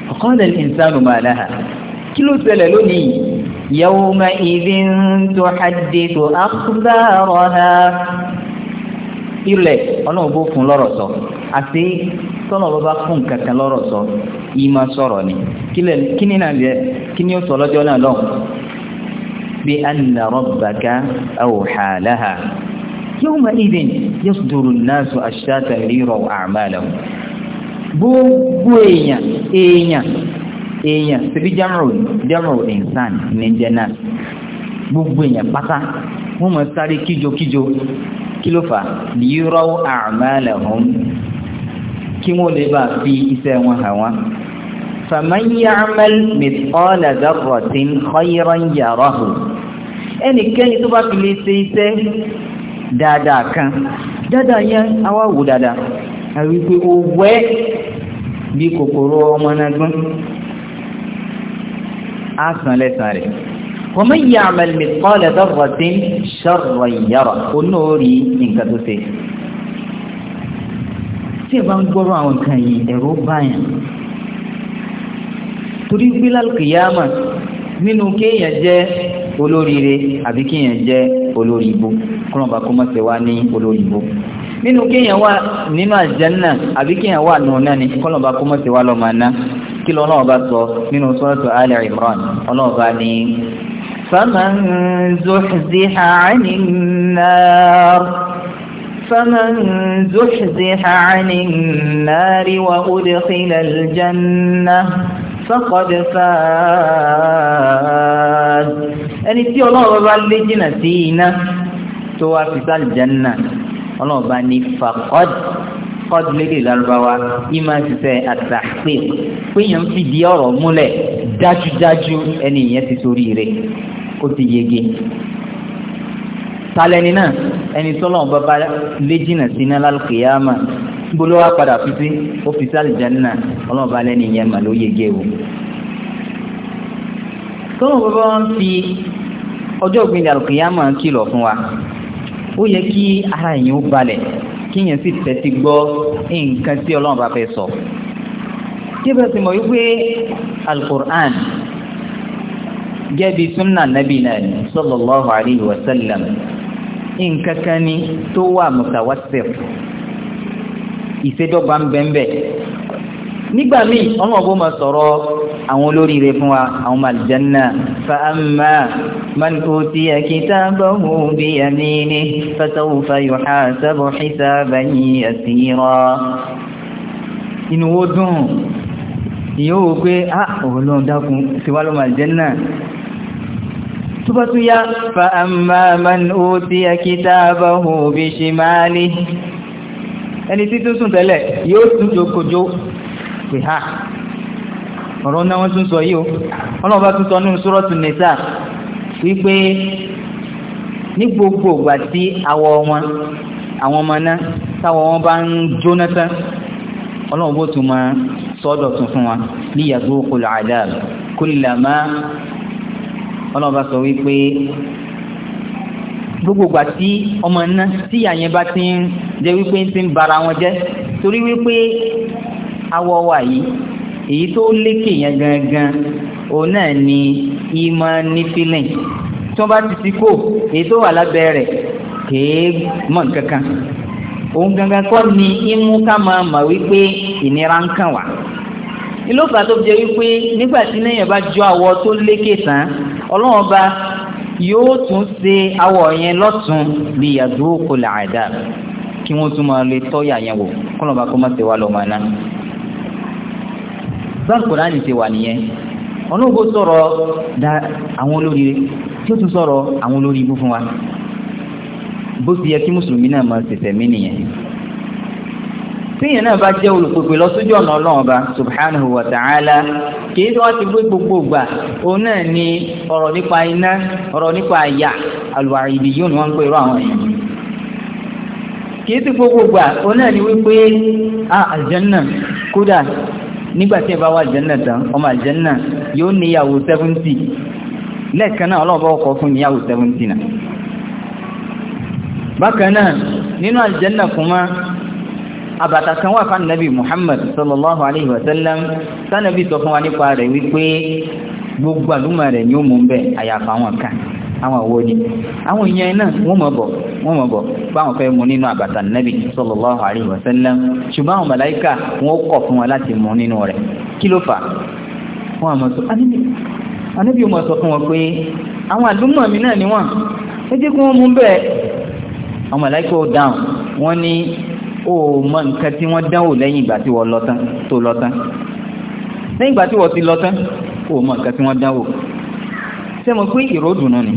وقال الإنسان ما لها kí ló ṣẹlẹ̀ يومئذ تحدث أخبارها ilẹ̀ ọlọ́run bó fún lọ́rọ̀ sọ àti tọ́lọ̀ bá bá fún nǹkan kan lọ́rọ̀ sọ yìí máa sọ̀rọ̀ ni kí ni náà lẹ kí ni ó sọ lọ́jọ́ náà lọ bí anna rabbaka awha laha yawma idhin yasduru an-nasu ashtatan liyuraw a'malahum gbogbo èèyàn èèyàn èèyàn síbi jam'u jam'u insan ní jẹ́ gbogbo èèyàn pátá wọ́n mọ̀ sáré kíjokíjo kí ló fà lìírọ́ a'malahum kí wọ́n lè bá fi iṣẹ́ wọn hàn wọ́n. faman ya'mal mithqala dharratin khayran yarahu ẹnikẹ́ni tó bá fi lè ṣe iṣẹ́ dáadáa kan dáadáa yẹn awá wò dáadáa àrí pé ó bí kòkòrò ọmọ náà gbọ́n á sàn lẹ́sàn rẹ̀. ومن يعمل مثقال ذرة شرا يره onóòrí nǹkan tó ṣe tí ẹ bá ń gbọ́rọ̀ àwọn nǹkan yìí ẹ̀rọ báyàn torí gbé lálùkìyàmà nínú kéèyàn jẹ́ olóríire àbí kéèyàn jẹ́ olórí ibo kọ́nàbà kó mọ́sẹ̀ wá ní olórí nínú kéèyàn wà nínú àjẹ́nà àbí kéèyàn wà nù náà ni kọ́nàbà kó mọ́sẹ̀ wá lọ́mọ aná kí lọ́nà ọba sọ nínú sọ́ọ̀tọ̀ Al Imran ọlọ́ọ̀bá ní فمن زحزح عن النار فمن زحزح عن النار وأدخل الجنة فقد فاز ẹni tí ọlọ́run bá lé jìnà sí iná tó wá fi sáàlì jẹ́ náà ọlọ́run bá ní fàkọ́dì kọ́ọ̀dù lédè lárúbáwá yìí máa ń ṣiṣẹ́ àtàkpé péyàn fi ọ̀rọ̀ múlẹ̀ dájúdájú ẹni ìyẹn ti torí rẹ̀ ó ti yege talẹni náà ẹni tọ́lọ̀ bàbá léjìnà sí iná lálùkìyàmà gbólóhà padà fi sí ọ́fíìsì ọlọ́ọ̀bá lẹ́ni ìyẹn mà ló yege o bàbá wọn fi ọjọ́ kìlọ̀ fún wa ó yẹ kí ara ó balẹ̀ kíyàn sì tẹ́tí gbọ́ nǹkan tí ọlọ́run bá fẹ́ sọ. tí bá ti mọ̀ wípé alukur'an gẹ́bí súnà nàbì náà ni sallallahu alayhi wa sallam nǹkan kan ni tó wà mùtàwásẹ̀ ìṣèdọ́gba ń bẹ́ẹ̀ bẹ́ẹ̀ nígbà míì ọmọ ọgbọ máa sọ̀rọ̀ àwọn olóríire fún wa àwọn màlìjánná fàámà màlìkòtì àkìtà bọ́hù bí àmìnì fàtàwùfà yòóhà sábọ̀ xìsà báyìí àtìrọ. inú wo dùn ìyóò wò pé ah òun dákun tiwa ló màlìjánná tubatu ya fa amma man utiya kitabahu bi ah, ẹni tí sùn tẹ́lẹ̀ yóò tún jókòjó pé ha ọ̀rọ̀ náà wọ́n tún sọ yìí o ọlọ́run bá tún sọ nínú sọ́rọ́tù nìta wípé ní gbogbo ìgbà tí awọ wọn àwọn ọmọ náà táwọn wọn bá ń jóná tán ọlọ́run bó tún máa sọ́dọ̀ tún fún wa ní yàgò kòlà àdáàbò kòlà máa ọlọ́run bá sọ wípé gbogbo ìgbà tí ọmọ náà tí ìyà yẹn bá ti ń jẹ́ wípé ń ti ń bara wọn jẹ́ torí wípé awọ wa yìí èyí tó lékè yẹn gangan òun náà ni ìmọ̀ ní fílẹ̀ tí wọ́n bá ti ti kó èyí tó wà lábẹ́ rẹ̀ kèé mọ̀ kankan òun gangan kọ́ ni imú ká máa mọ̀ wípé ìnira ń kàn wá ìlófà tó jẹ́ wípé nígbà tí lẹ́yìn bá jọ àwọ̀ tó lékè tán ọlọ́run ọba yóò tún ṣe awọ yẹn lọ́tún bí yàdúró kò lè àdá kí wọ́n tún máa lè tọ́yà yẹn wò kọ́lọ́ba kó má ṣe wá lọ́mọ náà báwọn kòránì ti wà nìyẹn ọlọ́gbó sọ̀rọ̀ da àwọn olóríire tí ó tún sọ̀rọ̀ àwọn olórí ibú fún wa bó ti yẹ kí mùsùlùmí náà máa tètè mí nìyẹn tíyẹn náà bá jẹ́ olùpèpè lọ́sójú ọ̀nà ọlọ́run ọba subhanahu wa ta'ala kìí tí wọ́n ti gbé gbogbo gbà òun náà ni ọ̀rọ̀ nípa iná ọ̀rọ̀ nípa àyà àlùwàrìdì yóò ní wọ́n ń pè irú àwọn èèyàn kìí tí gbogbo gbà òun náà ni wípé ah àlùjánnà kódà nígbà tí ẹ bá wà àlìjẹ́nà tán ọmọ àlìjẹ́nà yóò ní ìyàwó 70 lẹ́ẹ̀kan náà ọlọ́ọ̀bá ọkọ̀ fún ìyàwó 70 náà bákan náà nínú àlìjẹ́nà kúmá àbàtà kan wà fún nàbí Muhammad sallallahu alaihi wasallam sanabi sọ fún wa nípa rẹ̀ wípé gbogbo àlúmọ̀ rẹ̀ ni ó mú bẹ́ẹ̀ àyàfà wọn kan àwọn àwọ̀ ni àwọn èèyàn náà wọ́n mọ̀ bọ̀ wọ́n mọ̀ bọ̀ báwọn fẹ́ mu nínú àbàtà nàbì sallallahu alaihi wasallam ṣùgbọ́n àwọn màláìkà wọ́n kọ̀ fún wọn láti mu nínú rẹ̀ kí ló fà wọ́n àmọ́ sọ anábì ó mọ̀ sọ fún wọn pé àwọn àlùmọ̀ mi náà ni wọ́n ẹ jẹ́ kí wọ́n mú bẹ́ẹ̀ àwọn màláìkà ó dáhùn wọ́n ní ó mọ nǹkan tí wọ́n dánwò lẹ́yìn ìgbà tí wọ́n lọ tán tó lọ tán lẹ́yìn ìgbà tí wọ́n ti lọ tán ó mọ nǹkan tí wọ́n dánwò sẹ́mọ̀ pé ìró dùnú ni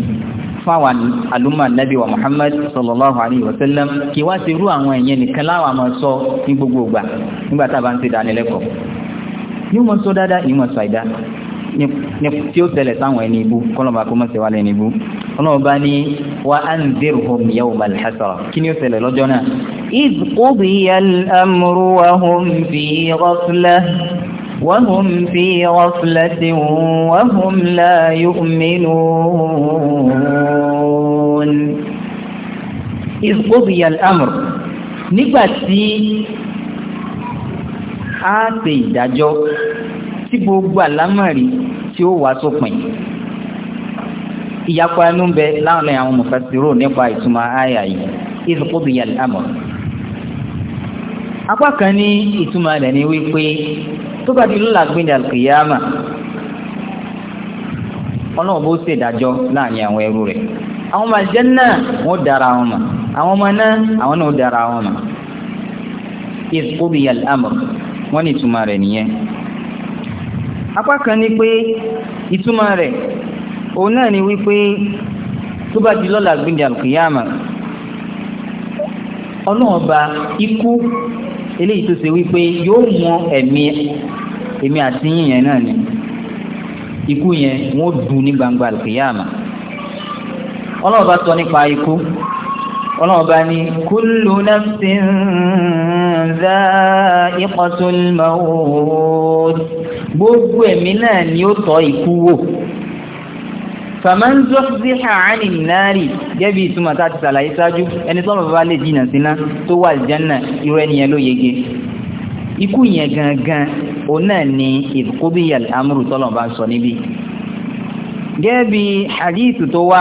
fáwọn alúmọ̀ nàbí wa muhammad sallallahu alayhi wa sallam kí wá sí irú àwọn èèyàn nìkan láwọn máa sọ ní gbogbo ìgbà nígbà tá a bá ń ṣe dánilẹ́kọ̀ọ́ yóò mọ sọ dáadáa ìmọ̀ ṣàìdá tí ó tẹ̀lẹ̀ sáwọn ẹni ibú kọ́lọ̀bà kó mọ́sẹ̀ wà lẹ́ni ibú ọlọ́ọ̀bá ní wa anzirhum yawmal hasra kí ni ó tẹ̀lẹ̀ lọ́jọ́ náà وهم في غفلة وهم لا يؤمنون إذ قضي الأمر نبتي a ṣe ìdájọ́ tí gbogbo àlámọ̀rí tí ó wà sópin ìyapa ẹnu ń bẹ láàrin àwọn mufasirun nípa ìtumọ̀ àyà yìí idh qudiya apá kan ní ìtumọ̀ rẹ̀ ni wípé tó bá di lọ́la gbẹ̀ndẹ̀ àlùkìyàmà ọlọ́run bó ṣe ìdájọ́ láàrin àwọn ẹrú rẹ̀ àwọn ọmọ àlùjánnà wọ́n dára wọn mọ̀ àwọn ọmọ náà àwọn náà dára wọn mọ̀ ìkóbiyàl amọ̀ wọ́n ní ìtumọ̀ rẹ̀ nìyẹn apá kan ní pé ìtumọ̀ rẹ̀ òun náà ni wípé tó bá di lọ́la gbẹ̀ndẹ̀ àlùkìyàmà ọlọ́run ọba ikú eléyìí tó ṣe wípé yóò mú ẹ̀mí ẹ̀mí àti yìnyẹn náà ni ikú yẹn wọ́n dùn ní gbangba àlùkìyàmà ọlọ́run bá sọ nípa ikú ọlọ́run bá ní kullu nafsin dha'iqatul maut gbogbo ẹ̀mí náà ni ó tọ́ ikú wò fàmán zọ́fíhà ánì náàrí gẹ́bí ìtumọ̀ tàti sàlàyé sáájú ẹni tọ́lọ̀ bá lè jìnà síná tó wà jẹ́nà irú ẹniyàn ló yege ikú yẹn gangan o náà ni ìkóbíyàl amúrù tọ́lọ̀ bá sọ níbi gẹ́bí hadithu tó wá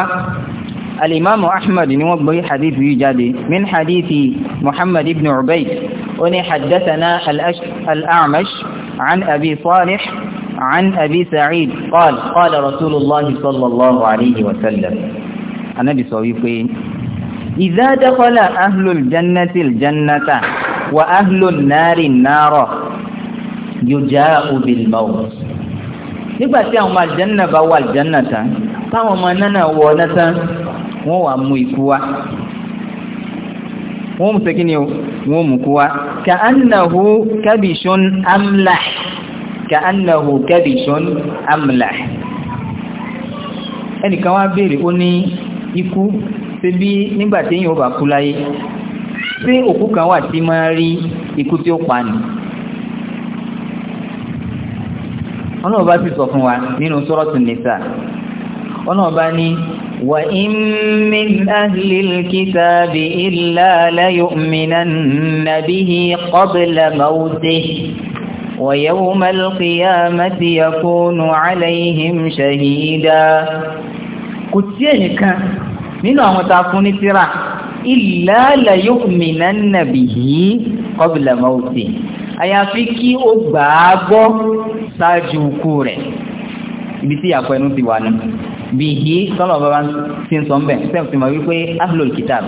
alimamu ahmad ni wọ́n gbé hadithu yìí jáde min hadithi muhammad ibn ubayd ó ní haddathana al-amash an عن أبي سعيد قال قال رسول الله صلى الله عليه وسلم النبي صويفي إذا دخل أهل الجنة الجنة وأهل النار النار يجاء بالموت nígbà tí àwọn ọmọ àjẹ́nà bá wà àjẹ́nà tán táwọn ọmọ náà wọ ọ́nà tán wọ́n wà mú ikú wá wọ́n mú sẹ́kí ni mú kú wá ka'annahu kabishun amlah ka'annahu kabishun amla ẹnìkan wá béèrè ó ní ikú ṣe bí nígbà tí èèyàn ò bá kú láyé ṣé òkú kan wà tí máa rí ikú tí ó pa ni ọlọ́run bá sì sọ fún wa nínú suratul nisa ọlọ́run bá ní wa in min ahlil kitabi illa layu'minanna bihi qabla mawtihi ويوم القيامة يكون عليهم شهيدا kò sí ẹnìkan nínú àwọn tá a fún ní tírà illa la yu'minanna bihi qabla mawti àyàfi kí ó gbà á gbọ́ ṣáájú ikú rẹ̀ ibi tí ìyàpọ̀ ẹnu ti wà nù bihi sọ́nà bàbá ti ń sọ ń bẹ̀ sẹ́ẹ̀ ti wípé ahlul kitab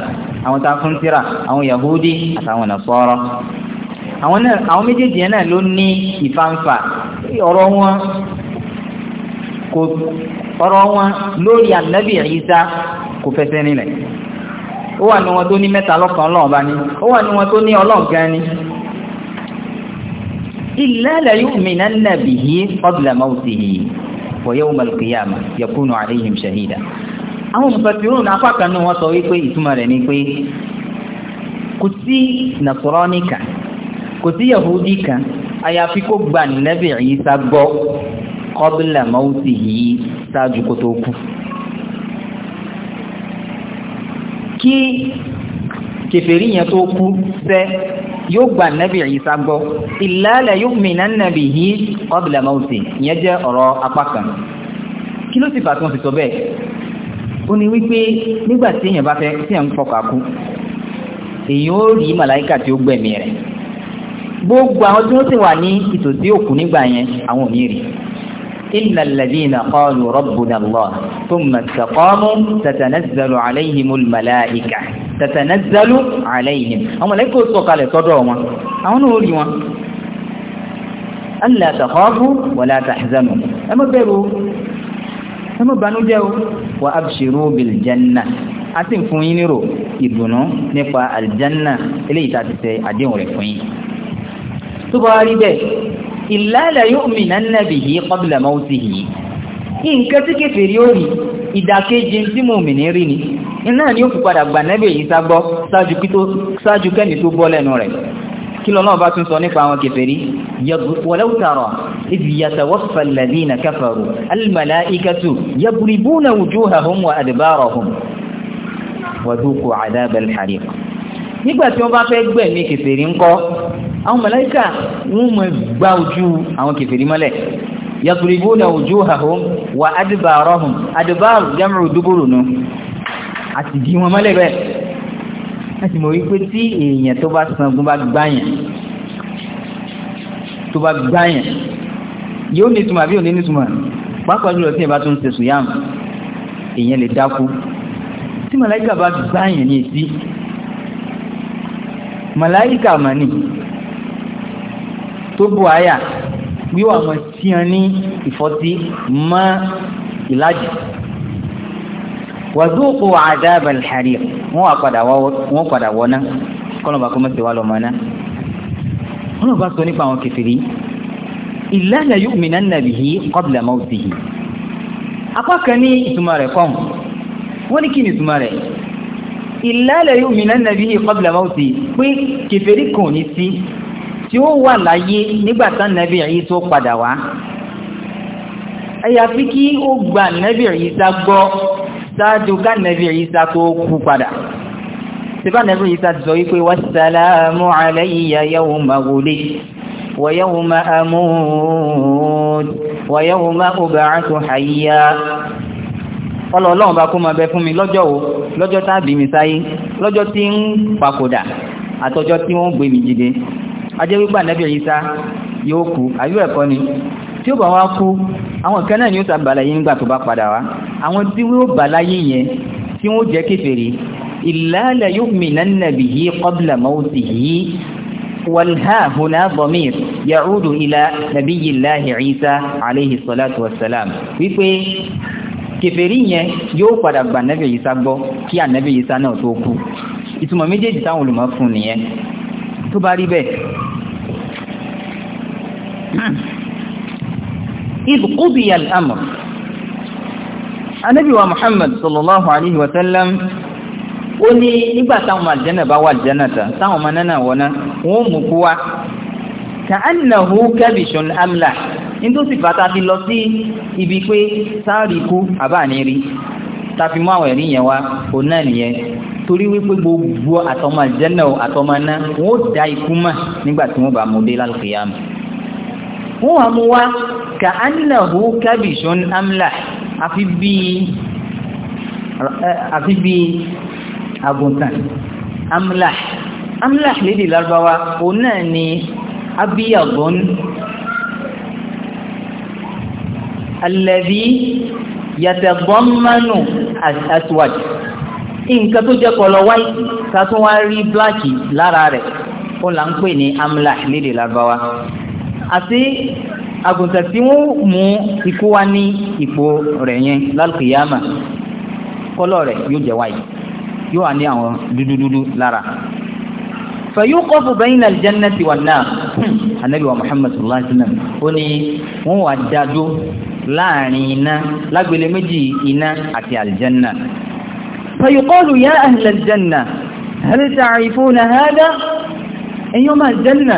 àwọn tá fún tírà àwọn yahudi àtàwọn nasara àwọn náà àwọn méjèèjì yẹn náà ló ní ìfàǹfà ọ̀rọ̀ wọn kò ọ̀rọ̀ wọn lórí ànábì Ìsá kò fẹsẹ̀ nílẹ̀ ó wà ní wọn tó ní mẹ́ta lọ́kàn ọlọ́run bá ní ó wà ní wọn tó ní ọlọ́run gan ni illa la yu'minanna bihi qabla mawtihi wa yawma al-qiyamah yakunu alayhim shahida àwọn mùsùlùmí náà apá kan sọ wípé ìtumọ̀ rẹ̀ ni pé kò sí nàṣọ́rọ́ nìkan kò sí yahudi kan àyàfi kó gba nẹ́bì Ìsá gbọ́ kọ́bílà mọ́wùsì yìí ṣáájú kó tó kú kí kèfèrí yẹn tó kú sẹ́ yóò gba nẹ́bì Ìsá gbọ́ ìlàlẹ̀ yóò mìíràn nẹ́bì yìí kọ́bílà mọ́wùsì yẹn jẹ́ ọ̀rọ̀ apá kan kí ló sì fà tí wọ́n fi sọ bẹ́ẹ̀ ó ní wípé nígbà tí èèyàn bá fẹ́ tí èèyàn ń fọkà èèyàn ó rí màláìkà tí ó gbẹ̀mí rẹ̀ gbogbo àwọn tí wọ́n sì wà ní ìtòsí òkú nígbà yẹn àwọn ò ní rí إلا الذين قالوا ربنا الله ثم استقاموا تتنزل عليهم الملائكة تتنزل عليهم هم لا يكون سوكالة صدوما هم نوريوا ألا تخافوا ولا تحزنوا أما بيروا أما بانوا جاوا وأبشروا بالجنة أتنفوا ينروا يبنوا نفا الجنة إليه تاتي أدين رفعين tó bá rí bẹ́ẹ̀ ìlàlẹ̀ yóò mìíràn nàbì yìí qabla mawtihi yìí nǹkan tí kèfèrí ó rí ìdàkejì tí mo mìíràn rí ni iná ni ó fi padà gbà nẹ́bì yìí ságbọ́ ṣáájú kẹ́ni tó bọ́ lẹ́nu rẹ̀ kí lọ́nà bá tún sọ nípa àwọn kèfèrí walau tara idh yatawaffa nígbà tí wọ́n bá fẹ́ gbẹ̀mí kèfèrí ńkọ́ àwọn màláíkà wọ́n mọ̀ gbá ojú àwọn kèfèrí mọ́lẹ̀ yadribuna wujuhahum wa adbarahum adbar jam'u duburu nù àti jí wọn mọ́lẹ̀ bẹ́ẹ̀ láti mọ̀ wípé tí èèyàn tó bá sangun bá gbáyàn tó bá gbáyàn yóò ní ìtumọ̀ àbí òní ní ìtumọ̀ pàápàá jùlọ tí ẹ bá tún ṣe sùyàmù èèyàn lè dákú tí màláíkà bá gbáyàn ní etí màláyíkà mà ní tó bu àyà wíwà mọ̀ tí a ní ìfọ́tí mọ́ ìlàjì wàzúùkù àdáàbà ìhàrí wọn wà padà wọn padà wọná kọlọ̀bà kọ́ mọ́sí wà lọ́mọ́ná wọn bá sọ nípa àwọn kẹfìrí ìlànà yóò mìíràn nàbì yìí kọ́bìlà mọ́ọ̀sì yìí apá kan ní ìtumọ̀ rẹ̀ kọ́ wọn ní kí ni ìtumọ̀ rẹ̀ ìlàlẹ̀ yóò mìíràn nàbí ìkọ́bìlà mọ́tì pé kèfèrí kò ní sí tí ó wà láyé nígbà tán nàbí yìí tó padà wá àyàfi kí ó gba nàbí Ìsá gbọ́ ṣáájú ká nàbí Ìsá tó kú padà síbá nàbí Ìsá ti sọ wípé wassalamu alayya yawma wulidtu wa yawma amut wa yawma ub'athu hayya ọlọ́ ọlọ́run bá kó máa bẹ fún mi lọ́jọ́ wo lọ́jọ́ tá a bí mi sáyé lọ́jọ́ tí ń papòdà àtọjọ́ tí wọ́n gbé mi jìde ajẹ́ wípé ànábì Ìsá yóò kú àbí ẹ̀kọ́ ni tí ó bá wá kú àwọn kan náà ni ó ta bàláyé nígbà tó bá padà wá àwọn tí wọ́n bàláyé yẹn tí wọ́n jẹ́ kèfèrí illa la yu'minanna bihi qabla mawtihi والها هنا ضمير يعود إلى نبي الله عيسى عليه الصلاة والسلام wípé kèfèrí yẹn yóò padà gba ànábì Ìsá gbọ́ kí ànábì Ìsá náà tó kú ìtumọ̀ méjèèjì táwọn olùmọ̀ fún nìyẹn tó bá rí bẹ́ẹ̀ ìbùkúbi al-amr ànábì wa Muhammad sallallahu alaihi wa sallam ó ní nígbà táwọn àlùjànnà bá wà àlùjànnà ta táwọn ọmọ náà wọná mú kú wá kàánàhù kẹ́bìṣùn amla nítòsí fàtà fi lọ sí ibi pé sáàrí ikú àbáàníri tàfi mọ́ àwọn ẹ̀rí yẹn wá òun náà nìyẹn torí wípé gbogbo àtọmọ àjẹ́nà àtọmọ náà wọ́n da ikú mọ̀ nígbà tí wọ́n bá mú dé lálùkìyàmù wọ́n wà mú wá kàánàhù kẹ́bìṣùn amla àfi bíi àgùntàn amla amla lédè lárúbáwá òun ni abíyàgbọ́n alẹ́bí yàtẹ̀gbọ́nmánù aswad nǹkan tó jẹ́ kọlọ wáìtì ká tún wá rí bíláàkì lára rẹ̀ ó là ń pè ní amla lédè lágbáwá àti àgùntàn tí wọ́n mú ikú wá ní ipò rẹ̀ yẹn lálùkìyàmà kọlọ rẹ̀ yóò jẹ́ wáìtì yóò wà ní àwọn dúdúdúdú lára fayuqafu bayna aljannati wan nar anabi wa muhammad sallallahu alaihi wasallam ó ní wọ́n wà dájú láàrin iná lágbèlè méjì iná àti aljanna fayuqalu ya ahla aljanna hal ta'rifuna hada ẹ̀yin ọmọ aljanna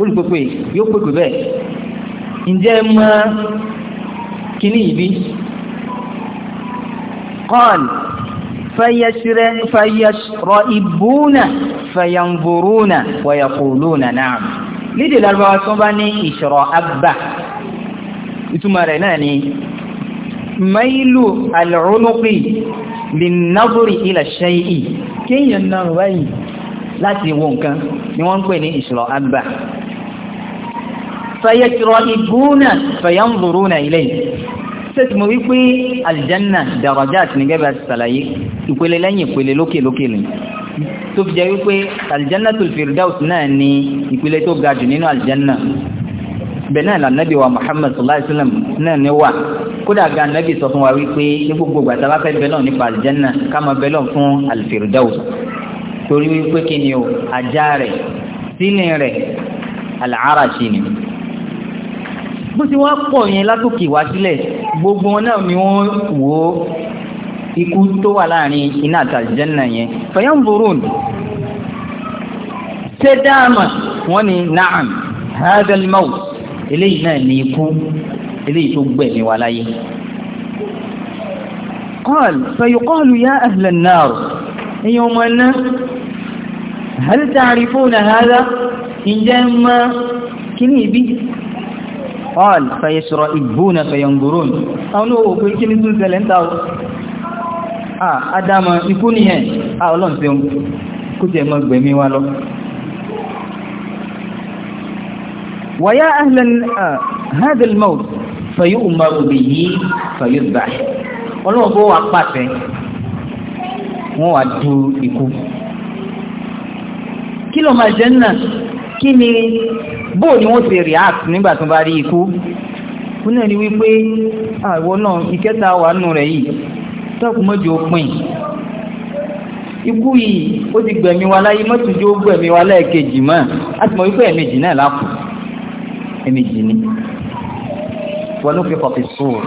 olùpẹpẹ yóò pẹpẹ bẹ́ẹ̀ ǹjẹ́ ẹ kíní ìbí fayashra'ibuna fayanzuruna wa yaquluna na'am lédè lárúbáwá tó bá ní ìṣọ̀rọ̀ àbá ìtumọ̀ rẹ̀ náà ni mailu al'unuqi linnadhuri ila shay'i kéèyàn náà báyìí láti wo nǹkan ni wọ́n pè ní ìṣọ̀rọ̀ àbá fayashra'ibuna fayanzuruna ilayhi sẹ́tùmọ̀ wípé aljanna darajat àti nígbẹ́bẹ̀ àti sàlàyé ìpele lẹ́yìn ìpele lókè lókè lè tó fi jẹ́ wípé aljannatul firdaus náà ni ìpele tó ga jù nínú aljanna bẹ́ẹ̀ náà lànàbí wa Muhammad sallallahu alaihi wasallam náà ni wà kódà ga nàbí sọ fún wa wípé ní gbogbo gbàtà bá fẹ́ bẹ́lọ̀ nípa aljanna ká máa bẹ́lọ̀ fún alfirdaus torí wípé kí ni o ajá rẹ̀ sílẹ̀ rẹ̀ aláràṣì ni bó ti wá pọ̀ yẹn látòkè wá sílẹ̀ gbogbo wọn náà ni wọ́n wò ó ikú tó wà láàrin iná àtàlìjẹ́nà yẹn fẹ̀yàn burún ṣé dáàmà wọ́n ní naam hadal eléyìí náà ní ikú eléyìí tó gbẹ̀mí wa láyé. قال فيقال يا أهل النار يوم أن هل تعرفون هذا إن جاء ما كني بي قال فيشرئبون فينظرون او نو pé kíni tún ṣẹlẹ̀ nta o ah adama ikú ni yẹn ah Ọlọ́run ṣeun kó jẹ́ mọ́ gbẹ̀mí wa lọ ويا اهل هذا الموت فيؤمر به فيذبح Ọlọ́run bó wá pàṣẹ wọ́n wá du ikú kí ló máa jẹ́ náà kí ni bó ni wọ́n ṣe react nígbà tó bá rí ikú kú náà ni wípé àwọn náà ìkẹta wà nù yi yìí tọ́kùn pin ikú yìí ó ti gbẹ̀mí wa láyé mọ́tòjú ó gbẹ̀mí wa lẹ́ẹ̀kejì mọ́ a ti mọ̀ wípé ẹ̀mejì náà lápò ẹ̀mejì ni wọn ló fi sóòrò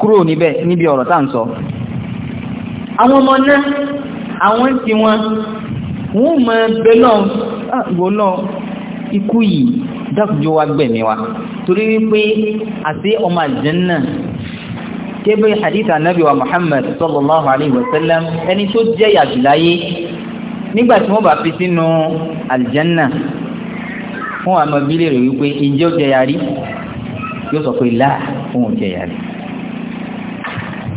kúrò níbẹ̀ níbi àwọn tí wọn wọ́n mọ̀ ẹgbẹ́ náà ah, wọ́n náà ikú yìí dákùjọ wa gbẹ̀mí wa torí wípé àti ọmọ àjẹ́nà kébé hadith anabi wa muhammad sallallahu alayhi wa sallam ẹni tó jẹ́ yàjùláyé nígbà tí wọ́n bá fi sínú àlìjẹ́nà fún àmọ́ bílẹ̀ rẹ̀ wípé ǹjẹ́ ó jẹ yàrí yóò sọ pé láà fún òun jẹ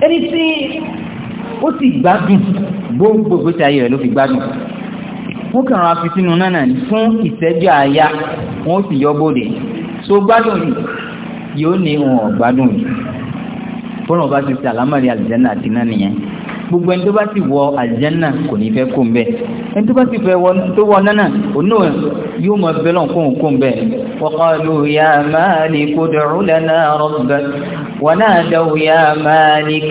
ẹni tí ó sì gbádùn gbogbo gbèsè ayé rẹ̀ ló fi gbádùn wọ́n kàn ra fi sínú náà ní fún ìṣẹ́jú àyà wọ́n sì yọ bóde so gbádùn yìí yóò ní wọn gbádùn yìí bọ́lá ọba ti ṣe àlámàrí àlìjẹ́nà àti náà nìyẹn gbogbo ẹni tó bá ti wọ àlìjẹ́nà kò ní fẹ́ kó ń bẹ́ẹ̀ ẹni tó bá ti fẹ́ tó wọ náà ònà yóò mọ ẹgbẹ́ lọ́n kóhùn kó ń bẹ́ẹ̀ waqalu ya Malik ud'u lana rabbak wa nadaw ya Malik.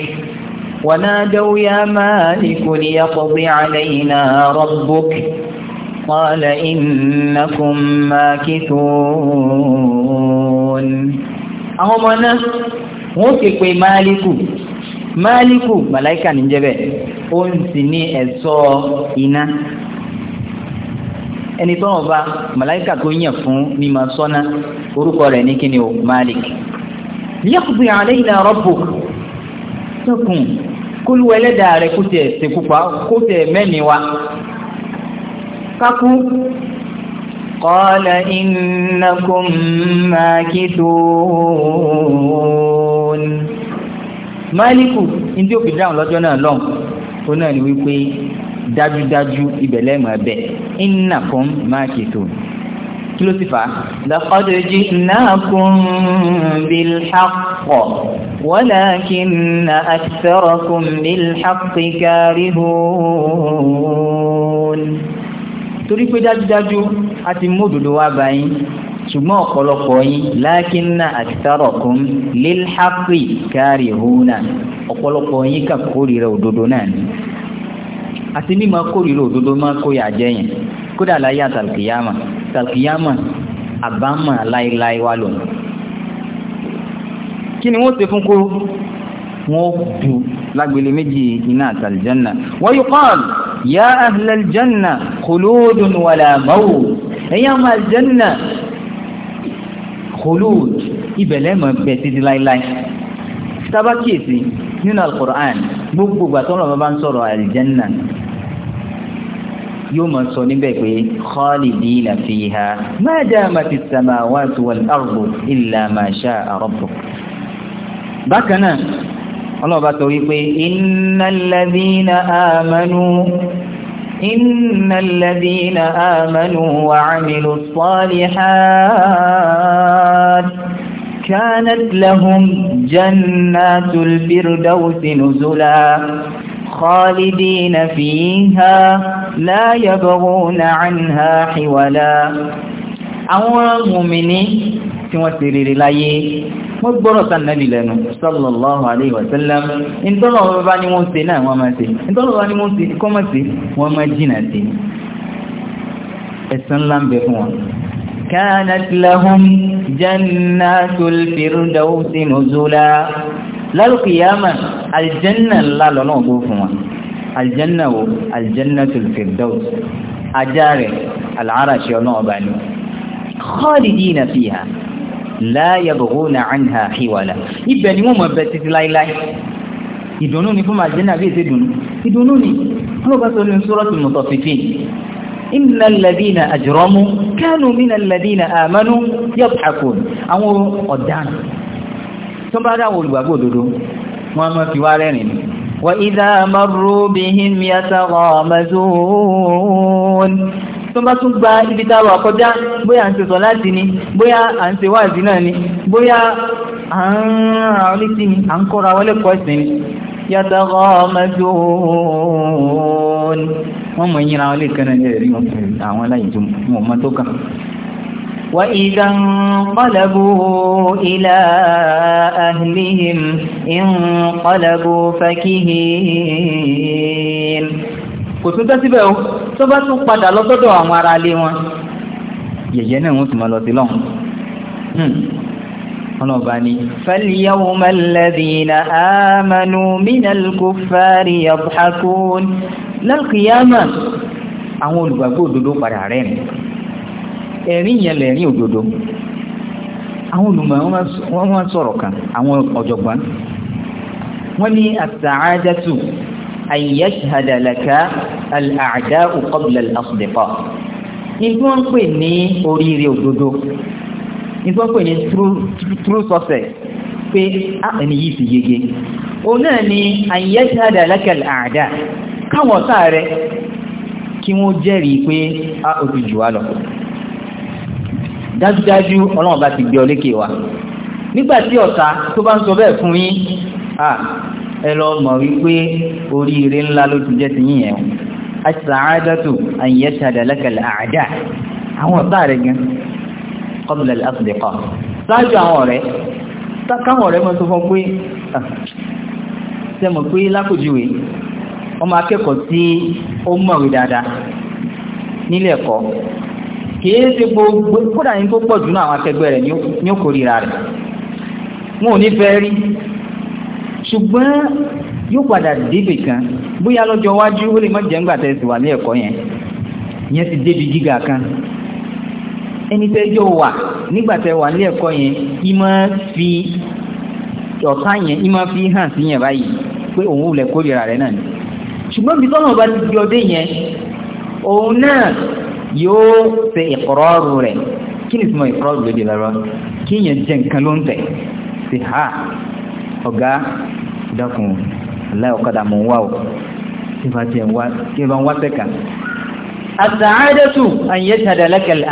ونادوا يا مالك ليقضي علينا ربك قال إنكم ماكثون àwọn ọmọ náà wọ́n ti pè máàlìkù máàlìkù màláìkà ní jẹ́bẹ̀ ó ń sì ní ẹ̀ṣọ́ iná ẹni tó wọ́n bá màláìkà tó yàn fún ní ma sọ́nà orúkọ rẹ̀ ní kíni o máàlìkù yàtọ̀ bí àlẹ́ ìlà rọ́bù tó kùn kólú ẹlẹ́dàá rẹ̀ kó tẹ̀ ṣekúpa kó tẹ̀ mẹ́ni wa kákú qala innakum makithun máìlìkù ní òfin dáhùn lọ́jọ́ náà lọ́n ó náà ni wípé dájúdájú ibẹ̀ lẹ́mọ̀ ẹ̀bẹ̀ innakum makithun kí ló sì fà á. laqad ji'nakum bil haqq walakinna aktharakum lil haqqi karihun. torí pé dájúdájú a ti mú òdodo wá báyìí ṣùgbọ́n ọ̀pọ̀lọpọ̀ yín lákínà aktharakum lil haqqi karihuna ọ̀pọ̀lọpọ̀ yín kà kórìíra òdodo náà ni àti mímọ kórìíra òdodo máa kóyà jẹ́yìn kódà láyé àtàlùkìyàmà tàlùkìyàmà àbámà láéláé wà lòun kí ni wọ́n ṣe fún kó wọ́n kú lágbèlè méjì iná àtàlùjánà wọ́n yóò kọ́ọ̀lù yá àhìlẹ̀lùjánà kòlóòdùn wàlàmáwò ẹ̀yà máa jẹ́nà khulud ibẹ̀lẹ̀ mọ̀ bẹ̀ títí láíláí tábàkìyèsí nínú al-Qur'an gbogbo gbàtọ́lọ̀ bá ń sọ̀rọ̀ àlìjẹ́nà يوم صوني بيكوي خالدين فيها ما دامت السماوات والأرض إلا ما شاء ربك بكنا الله باتوي بي إن الذين آمنوا إن الذين آمنوا وعملوا الصالحات كانت لهم جنات البردوس نزلا خالدين فيها لا يبغون عنها حولا àwọn mùmìní tí wọ́n ti rere láyé wọ́n gbọ́rọ̀ sánàbì lẹ́nu sallallahu alaihi wasallam ìtọ́lọ̀ ọba bá ní wọ́n ṣe náà wọ́n máa ṣe ìtọ́lọ̀ ọba ní wọ́n ṣe kọ́ máa ṣe wọ́n máa jìnà sí ẹ̀san ńlá fún wọn كانت لهم جنات الفردوس نزلا lálùkìyàmà aljanna ńlá lọ́nà ògbó fún wọn aljanna wo aljanna tulfirdaus ajá rẹ̀ al'arashi ọ̀nà ọba ni khalidina fiha la yabghuna anha hiwala ibẹ̀ ni wọ́n mọ̀ bẹ títí láíláí ìdùnnú ni fún aljanna bí èsè dùnnú ìdùnnú ni wọ́n bá sọ ní suratul inna alladhina ajramu kanu min alladhina amanu yadhakun àwọn ọ̀daràn tó bá dáwọn olùgbàgbọ́ òdodo wọ́n mọ́ fi wá rẹ́rìn ní wà ìdá marú bihim yataghamazoon tó bá tún gba ibi táwà kọjá bóyá à ń ṣe sọ láti ni bóyá à ń ṣe náà ni bóyá à ń ni à ń kọ́ra wọlé kọ́ ẹ̀sìn ni yataghamazoon wọ́n mọ̀ yíra wọlé kan náà jẹ́ ẹ̀rí àwọn aláìjú mọ̀ tó kàn وَإِذَا انقلبوا إلى أهلهم انقلبوا فكهين kò tún tẹ́síbẹ̀ o tó bá tún padà lọ́sọ́dọ̀ àwọn ará ilé wọn yẹ̀yẹ́ náà wọ́n tún máa lọ sí lọ́hùn ọlọ́ba ni. فاليوم الذين آمنوا من الكفار يضحكون للقيامة àwọn olùgbàgbọ́ òdodo padà rẹ̀ ni ẹ̀rín yẹn lẹ̀rín òdodo àwọn olùmọ̀ wọ́n máa sọ̀rọ̀ kan àwọn ọ̀jọ̀gbọ́n wọ́n ní àtàádátù an yashhada laka al-a'da'u qabla al-asdiqa ìgbọ́ ń pè ní oríire òdodo ìgbọ́ ń pè ní true success pé ẹni yìí ti yege o náà ni an yashhada laka káwọn sáà rẹ kí wọ́n jẹ́rìí pé a ò jù wá lọ dájúdájú ọlọ́run bá ti gbé ọ lékè wa nígbà tí ọ̀tá tó bá ń sọ bẹ́ẹ̀ fún yín ẹ lọ mọ̀ wípé oríire ńlá ló ti jẹ́ ti yín yẹn as-sa'adatu an yashhada àwọn ọ̀tá rẹ̀ gan qabla al-asdiqa ṣáájú àwọn ọ̀rẹ́ káwọn ọ̀rẹ́ mọ́ tó fọ́ pé sẹ́mọ̀ pé lákòjúwe ọmọ akẹ́kọ̀ọ́ tí ó mọ̀wé dáadáa nílé ẹ̀kọ́ kìí ṣe gbogbo kódà ní tó pọ̀ jù náà àwọn akẹgbẹ́ rẹ̀ ní ó kórìíra rẹ̀ wọn ò ní fẹ́ rí ṣùgbọ́n yóò padà débì kan bóyá lọ́jọ́ ó lè má jẹ́ wà ní ẹ̀kọ́ yẹn yẹn ti débi gíga kan ẹni tẹ́jọ́ wà nígbà tẹ́ wà ní ẹ̀kọ́ yẹn kí fi ọ̀tá yẹn kí fi hàn sí yẹn báyìí pé òun ò korira kórìíra rẹ̀ náà ṣùgbọ́n bí tọ́lọ́ yóò ṣe ìkọrọ́rù rẹ̀ kí ni ìsúnmọ̀ ìkọrọ́rù lóde lọ́rọ́ kí yẹn jẹ nǹkan ló ń tẹ̀ sí ha ọ̀gá dákun aláìọ̀kadà mọ̀ ń wá o tí bá jẹ́ ń wá tí bá wá tẹ́ka àtàádẹ́tù àyẹ́ tàdàlẹ́kẹ̀lẹ̀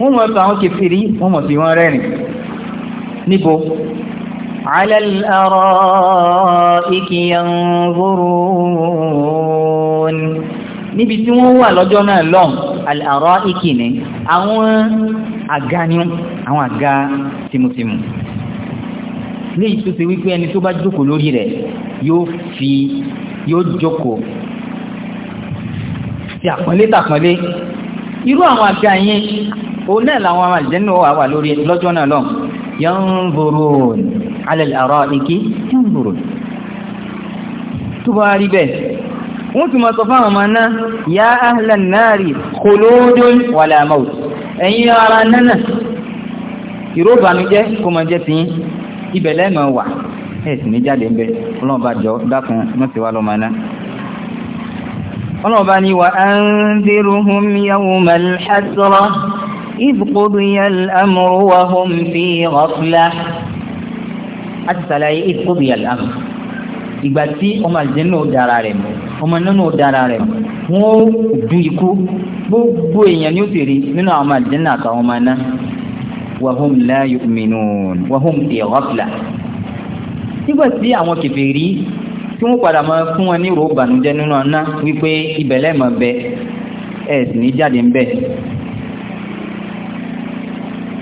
wọ́n mọ̀ sọ àwọn kèfèrí wọ́n mọ̀ sí wọ́n rẹ́rìn níbo على الأرائك ينظرون níbi tí wọ́n wà lọ́jọ́ náà lọ́n al-ara'ik ni àwọn àga ni àwọn àga tìmùtìmù ní ìtúsí wípé ẹni tó bá jókòó lórí rẹ̀ yóò fi yóò jókòó ti àpọ́nlé irú àwọn àga yẹn òun náà làwọn ará àlìjẹ́nù wà wà lórí lọ́jọ́ náà lọ yanzurun ala al-ara'iki yanzurun tó bá rí bẹ́ẹ̀ wọ́n ti mọ̀ sọ fáwọn ọmọ náà ya ahlan nari khuludun wala maut ẹ̀yin ara nánà ìróbànújẹ́ kó mọ jẹ́ tiyín ibẹ̀ lẹ́mọ̀ wà ẹ̀sìn ní jáde ń bẹ ọlọ́run jọ dákun mọ́sí wa lọ́mọ náà ọlọ́run bá ní wa anziruhum yawmal hasra إذ قضي الأمر وهم في غفلة àtìsàlàyé إذ قضي الأمر ìgbà tí ọmọ àlùjànnà náà dára rẹ̀ ọmọ náà náà dára rẹ̀ wọ́n ó du ikú gbogbo èèyàn ni ó sì rí nínú àwọn ọmọ àlùjànnà náà àtàwọn ọmọ náà wahum la yu'minun wahum fi ghafla nígbà tí àwọn kèfèrí tí wọ́n padà máa fún wọn ní ìró ìbànújẹ́ nínú ọ̀nà wípé ibẹ̀ lẹ́ẹ̀mọ̀ bẹ ẹ̀ sì ní jáde ń bẹ̀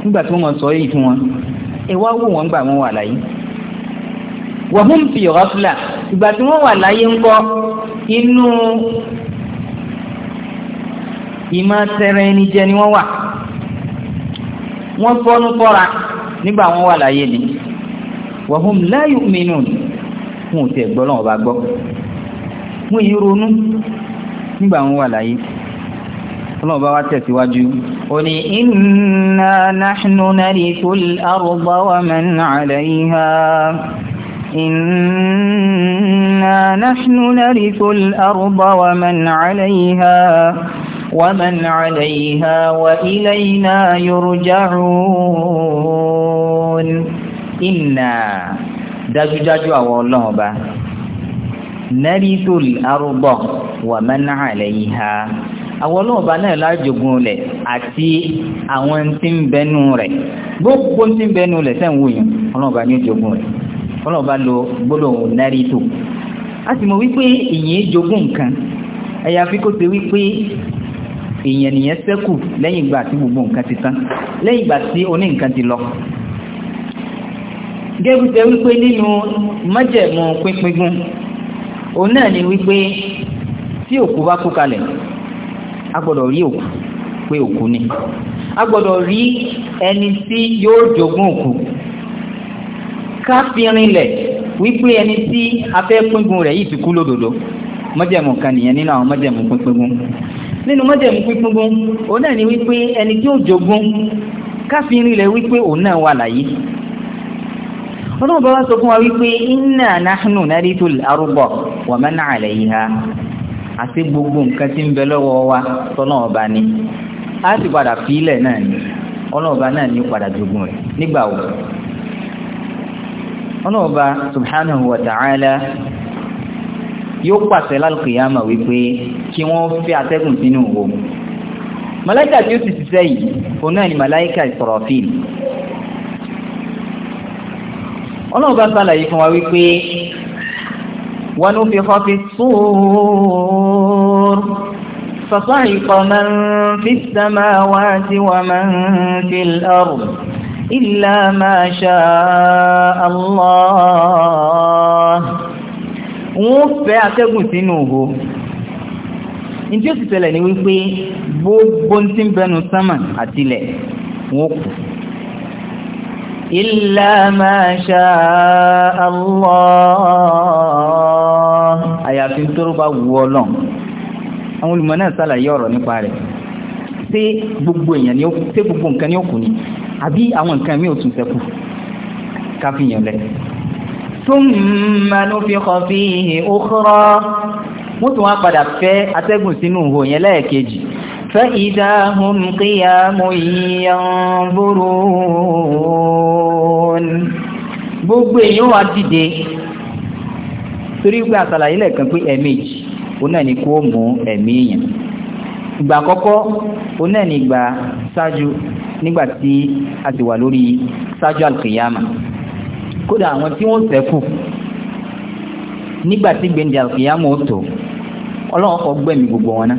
nígbà tí wọ́n sọ èyí fún wọn ẹ wá wò wọ́n gbà wọ́n wà láyé wọ́n fi ọ̀fúlà ìgbà tí wọ́n wà láyé ńkọ́ inú ìmọ̀ tẹ̀rẹ̀ ẹni jẹ ni wọ́n wà wọ́n fọ́nú fọ́ra nígbà wọ́n wà láyé ni wọ́n hùm láyò mìíràn fún òtí ẹ̀gbọ́n náà ọba gbọ́ wọ́n yí nígbà wọ́n wà láyé. ọlọ́run bá wá tẹ̀síwájú ó ní inna nahnu narithul arda wa man 'alayha inna nahnu narithul arda wa man 'alayha ومن عليها وإلينا يرجعون إنا dájúdájú àwọn ọlọ́run ba. ọba narithul arda wa man 'alayha àwọn ọlọ́ọ̀bá náà lájogun rẹ̀ àti àwọn tí ń bẹnu rẹ̀ gbogbo tí ń bẹnu rẹ̀ sẹ́wọ̀n yìí ọlọ́ọ̀bá ní jogun rẹ̀ ọlọ́ọ̀bá lo gbólóhùn nárítò a sì mọ̀ wípé ìyẹn jogún nǹkan ẹ̀yà fi kó ṣe wípé èèyàn nìyẹn ṣẹ́kù lẹ́yìn ìgbà tí gbogbo nǹkan ti tán lẹ́yìn ìgbà tí oní ti lọ gẹ́gẹ́ wípé nínú májẹ̀mú pínpín gún òun náà ni wípé tí òkú bá kú kalẹ̀ a gbọ́dọ̀ rí òkú pé òkú ni a gbọ́dọ̀ rí ẹni tí yóò jogún òkú ká fi rinlẹ̀ wípé ẹni tí a fẹ́ pínpín rẹ̀ yìí ti kú lódodo mọ́jẹ̀mú kan nìyẹn nínú àwọn mọ́jẹ̀mú pínpín nínú mọ́jẹ̀mú pínpín òun náà ni wípé ẹni tí ó jogún ká fi rinlẹ̀ wípé òun náà wà láyé ọlọ́run bá wá sọ fún wa wípé inna nahnu narithul arda wa man alayha àti gbogbo nǹkan tí ń bẹ lọ́wọ́ wa tọ́nà ọba ni a sì padà fi ilẹ̀ náà ni ọlọ́ọ̀ba náà ni padà jogún rẹ̀ nígbà wo ọlọ́ọ̀ba subhanahu wa ta'ala yóò pàṣẹ lálùkìyàmà wípé kí wọ́n fi atẹ́gùn sínú wo màláìkà tí ó ti ṣiṣẹ́ yìí òun náà ni màláìkà Israfil ọlọ́ọ̀ba sàlàyé fún wa wípé ونفخ في الصور فصعق من في السماوات ومن في الأرض إلا ما شاء الله wọ́n atẹ́gùn sínú ògo ní tí ó sì tẹ̀lẹ̀ ní wípé gbogbo tí ń bẹnu sánmà àtilẹ̀ wọ́n kù إلا ما شاء الله àyàfi tó bá wù Ọlọ́run àwọn olùmọ̀ náà ṣàlàyé ọ̀rọ̀ nípa rẹ̀ ṣé gbogbo èèyàn ni ó ṣé gbogbo nǹkan ni ó kù ni àbí àwọn nǹkan mi ò tún ṣẹ́kù káfíyàn lẹ. ثم نفخ فيه أخرى wọ́n tún wá padà fẹ́ atẹ́gùn sínú ihò yẹn lẹ́ẹ̀kejì فإذا هم قيام ينظرون gbogbo èèyàn wá dìde torí pé àṣàlàyé lẹ́ẹ̀kan pé ẹ̀mejì ó náà ní kó mú ẹ̀mí èèyàn ìgbà àkọ́kọ́ ó náà ní ìgbà ṣáájú nígbà tí a ti wà lórí ṣáájú alkiyama kódà àwọn tí wọ́n ṣẹ́kù nígbà tí gbẹ̀ndẹ̀ alkiyama ó tó ọlọ́run kọ́ gbẹ̀mí gbogbo wọn náà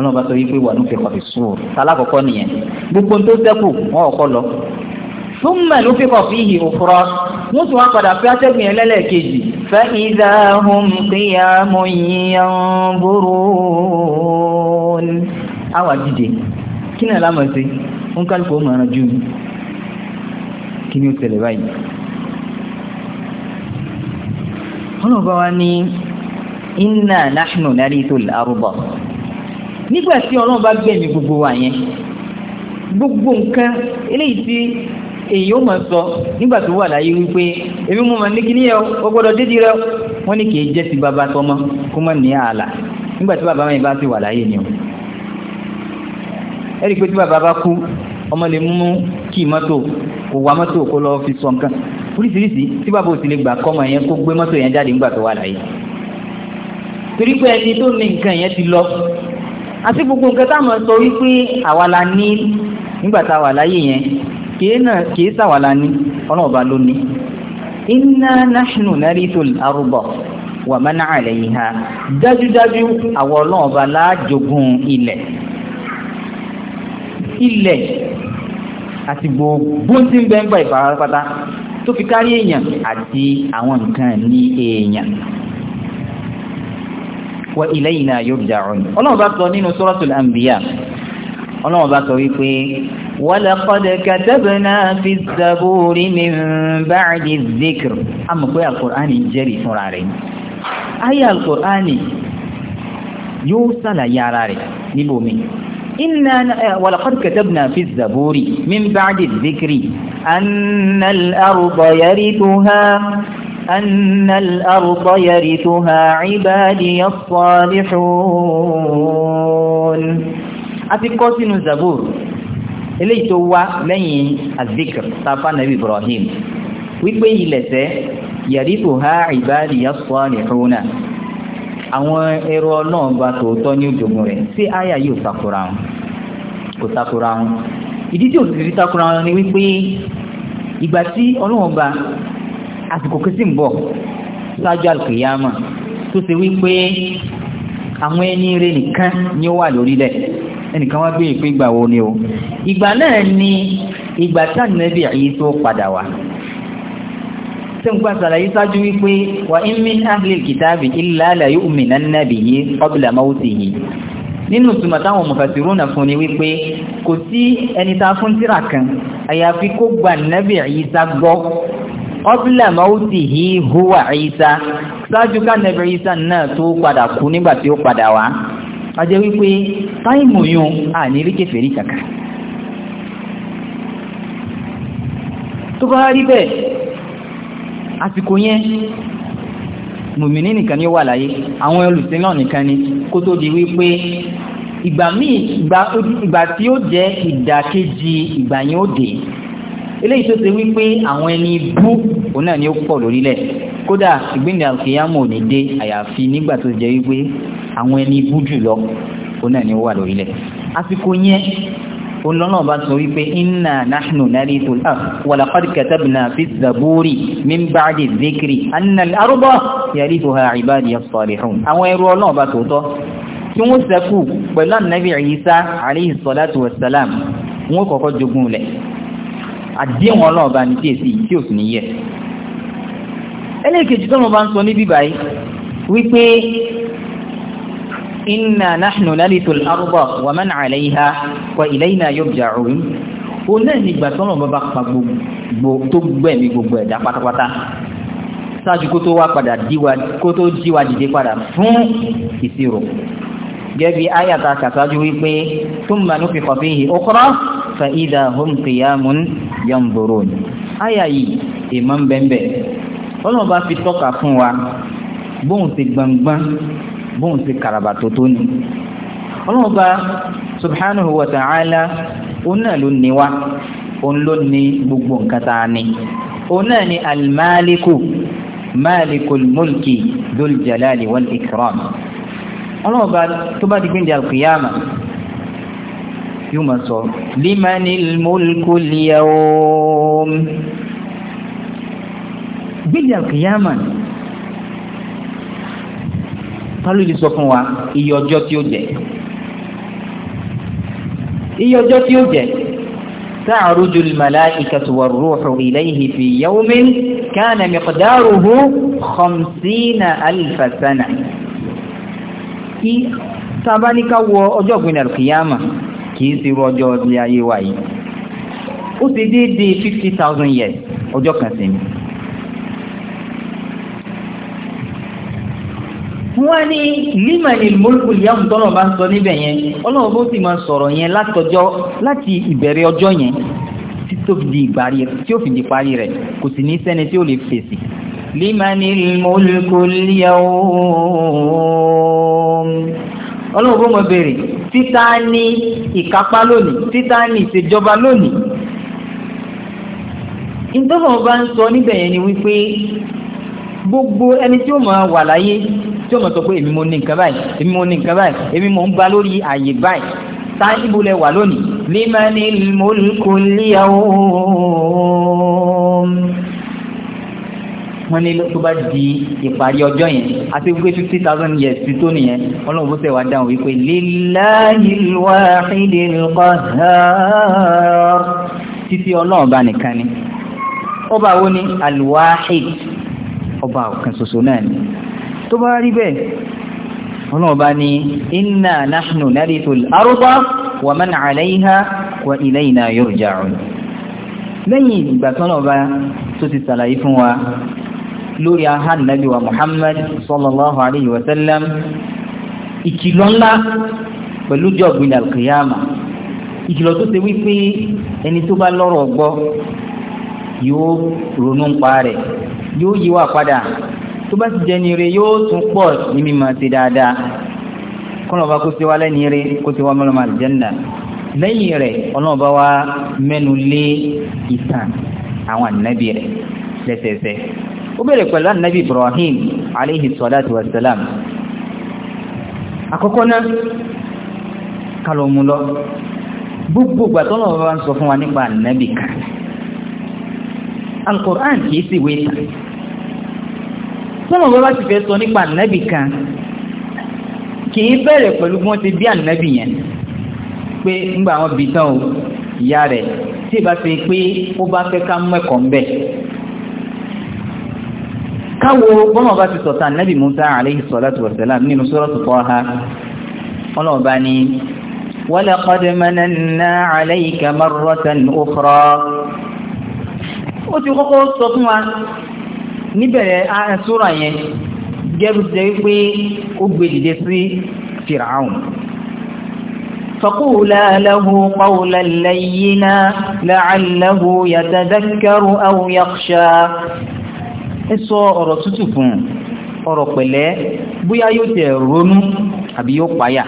ọlọ́run bá sọ yí pé wà ní fíkọ̀ fi sùúr alákọ̀ọ́kọ́ nìyẹn gbogbo tó sẹ́kù wọn ò kọ́ lọ. súnmọ̀ ló fíkọ̀ fi hì òfurọ́ wọ́n sì wá padà fẹ́ atẹ́gùn yẹn lẹ́lẹ́kejì fẹ́ ìdá ohun kíyà mọ̀ yíyan búrú. àwa dìde kí ni àlámọ̀ sí ń kálukú ó máa ju kí ni ó tẹ̀lé báyìí. ọlọ́run wa ní inna nahnu narithu al-ardh nígbà tí ọlọ́run bá gbẹ̀yìn gbogbo wa yẹn gbogbo nǹkan eléyìí tí èyí ó mọ̀ sọ nígbà tó wà láyé wípé èmi mú ma ní kí níyẹn o gbọ́dọ̀ dédì rẹ wọ́n ní kìí jẹ́ ti bàbá tọmọ kó mọ̀ ní ààlà nígbà tí bàbá yẹn bá ti wà láyé ni o ẹ rí i pé tí bàbá bá kú ọmọ lè mú kí mọ́tò kò wá mọ́tò kó lọ fi sọ nǹkan oríṣiríṣi tí bàbá ò sì lè gbà kọ́mọ yẹn kó gbé mọ́tò yẹn jáde nígbà tó wà láyé torí pé ẹni tó ní nǹkan yẹn ti lọ àti gbogbo nǹkan táwọn sọ wípé àwa la ní nígbà tá a wà láyé yẹn kìí náà kìí sàwà la ní ọlọ́ọ̀bá ló ní. inna nahnu narithul arda wa man alayha dájúdájú àwọn ọlọ́ọ̀bá láàjogún ilẹ̀ ilẹ̀ àti gbogbo tí ń bẹ́ẹ̀ ń gbà ìfarapátá tó fi kárí èèyàn àti àwọn nǹkan ní èèyàn wa ilayna yurja'un ọlọ́run bá sọ nínú suratul anbiya ọlọ́run bá sọ wípé walaqad katabna fi zaburi min ba'di zikr àmọ́ pé alkùránì jẹ́rìí fúnra rẹ̀ ayé alkùránì yóò sàlàyé ara rẹ̀ níbòmí إنا ولقد كتبنا في الزبور من بعد الذكر أن الأرض يرثها أن الأرض يرثها عبادي الصالحون a tó wá lẹ́yìn azikr tafa nabi ibrahim wípé ilẹ̀sẹ̀ yàrítò ha àwọn ẹ̀rọ náà bá tòótọ́ ní ojúgun rẹ̀ sí àyà yóò takura wọn kò takura wọn ìdí tí òsì fi takura wọn ni wípé ìgbà tí ọlọ́wọ́n àsìkò kìsì ń bọ̀ ṣáájú àlùkìyàmà tó ṣe wípé àwọn ẹni rẹ̀ nìkan ni ó wà lórílẹ̀ ẹnìkan wá bí ìpín ìgbà wo ni o ìgbà náà ni ìgbà tí ànábì yìí tó padà wá tí ń gbà sàlàyé sáájú wípé wà in min ahli kìtàbì illa la yu'minanna bihi qabla mawtihi nínú ìtumọ̀ táwọn mufasirun náà fún ni wípé kò sí ẹni tá a fún tírà kan àyàfi kó gba ànábì yìí sá gbọ́ ọ́bílà mọ́wútì yìí húwà ìsá ṣáájú kánẹ́bẹ̀ ìsá náà tó padà kú nígbà tí ó padà wá a jẹ́ wípé táìmù yún à ní rí kèfèrí kàkà tó bá rí bẹ́ẹ̀ àsìkò yẹn mùmìnì nìkan ni wà láyé àwọn olùsìn nìkan ni kó tó di wípé ìgbà míì ìgbà tí ó jẹ́ ìdàkejì ìgbà yẹn ó dé eléyìí tó ṣe wípé àwọn ẹni bú òun náà ni ó pọ̀ lórílẹ̀ kódà ìgbéǹde àkìyàmọ̀ ò ní dé àyàfi nígbà tó jẹ́ wípé àwọn ẹni bú jùlọ òun náà ni ó wà lórílẹ̀ àsìkò yẹn olọ́nà bá sọ wípé inna nahnu narithu al-ardh wa laqad katabna fi zaburi min ba'di dhikri anna al-ardha yarithuha ibadiya as-salihun àwọn ẹrú ọlọ́nà bá tòótọ́ tí wọ́n ṣẹ́kù pẹ̀lú Ànábì Ìsá alayhi salatu wọ́n kọ́kọ́ jogún lẹ̀ àdéhùn ọlọ́ọ̀bá ní tíyèsí yìí tí ò sì ní yẹ. ẹlẹ́ẹ̀kejì tó mo bá ń sọ níbí báyìí wípé inna nahnu nalithu al-arda wa man 'alayha wa ilayna yurja'un ó náà nígbà tọ́nà bàbá pa gbogbo tó gbẹ̀mí gbogbo ẹ̀dá pátápátá ṣáájú kó tó wá padà díwa kó tó jíwa dìde padà fún ìṣirò gẹ́gẹ́ bí ayàtà kàṣáájú wípé thumma nufikha fihi ukhra fa idha hum qiyamun yanzurun àyà yìí èèmọ̀ ń bẹ́ẹ̀ ọlọ́run bá fi tọ́ka fún wa bóun ti gbangban bóun ti karabato tó ni ọlọ́run bá subhanahu wa ta'ala òun náà ló ní wa òun ló ní gbogbo nǹkan tá a ní òun náà alimaliku malikul mulki dul jalali wal ikram ọlọ́run bá tó bá di alqiyama yóò máa sọ limanil mulkul yawm gbẹ̀dẹ̀ àkìyàmà pálọ̀ yìí sọ fún wa iye ọjọ́ tí ó jẹ́ iye ọjọ́ tí ó jẹ́ تعرج الملائكة والروح إليه في يوم كان مقداره خمسين ألف سنة تبالك وأجوب من القيامة kìí ṣe irú ọjọ́ ilé ayé wa yìí ó ṣe déédéé fifty thousand years ọjọ́ kan sí ni. wọ́n ní limani mọ́lùkù yàwù tọ́lọ̀ bá ń sọ níbẹ̀ yẹn ọlọ́run bó sì máa sọ̀rọ̀ yẹn látọjọ́ láti ìbẹ̀rẹ̀ ọjọ́ yẹn tí ó fi di ìparí rẹ̀ kò sì ní sẹ́ni tí ó lè fèsì. limani mọ́lùkù yàwù ọlọ́run bó mọ béèrè títa ní ìkápá lónìí títa ní ìṣèjọba lónìí. ìtọ́fọ̀n bá ń sọ níbẹ̀ yẹn ni wípé gbogbo ẹni tí ó máa wà láyé tí ó máa sọ pé èmi mo ní nǹkan báyìí èmi mo ní nǹkan báyìí èmi mo ń gba lórí àyè báyìí tá ibùlẹ̀ wà lónìí. limanil mulku al-yawm. wọ́n ní tó bá di ìparí ọjọ́ yẹn àti wípé fifty thousand years ti tó nìyẹn ọlọ́run bó tẹ̀ wá dáhùn wípé lillahil wahidil qahhar títí ọlọ́run bá nìkan ni ọba wo ni alwahid ọba ọ̀kan ṣoṣo náà ni tó bá rí bẹ́ẹ̀ ọlọ́run bá ní inna nahnu narithul arda wa man alayha wa ilayna yurja'un lẹ́yìn ìgbà tó ti ṣàlàyé fún wa lórí ahán nàbí wa Muhammad sallallahu alayhi wa sallam ìkìlọ̀ ńlá pẹ̀lú jọ gbin alkiyama ìkìlọ̀ tó ṣe wípé ẹni tó bá lọ́rọ̀ gbọ́ yóò ronú ń pa rẹ̀ yóò yíwà padà tó bá ti jẹni rẹ̀ yóò tún pọ̀ ní mímọ̀ sí dáadáa kọ́nà ọba kó tiwa lẹ́ni rẹ̀ kó tiwa mọ́lọ́mọ́ àlùjẹ́nà lẹ́yìn rẹ̀ ọlọ́run bá wá mẹ́nu lé ìtàn àwọn ànábì rẹ̀ lẹ́sẹẹsẹ ó bẹ̀rẹ̀ pẹ̀lú annabi Ibrahim alayhi salatu wa salam àkọ́kọ́ náà kálọ̀ mú lọ gbogbo gbàtọ́nà bá ń sọ fún wa nípa ànábì kan Al-Qur'an kìí sì wé ta tọ́nà bá ti fẹ́ sọ nípa bẹ̀rẹ̀ pẹ̀lú ti bí annabi yẹn pé ńgbà wọn bí tán káwo bọ́mọ̀ bá ti sọ̀tà nẹ́bì Musa alayhi salatu wa salam nínú suratu Taha ọlọ́ọ̀bá ni walaqad mananna alayka marratan ukhra ó ti kọ́kọ́ sọ fún wa níbẹ̀rẹ̀ àṣúra yẹn gẹ́rù jẹ́ pé ó gbé dìde sí Fir'aun فقولا له قولا لينا لعله يتذكر أو يخشى ẹ sọ ọ̀rọ̀ tútù fún un ọ̀rọ̀ pẹ̀lẹ́ bóyá yóò tẹ̀ ronú àbí yóò páyà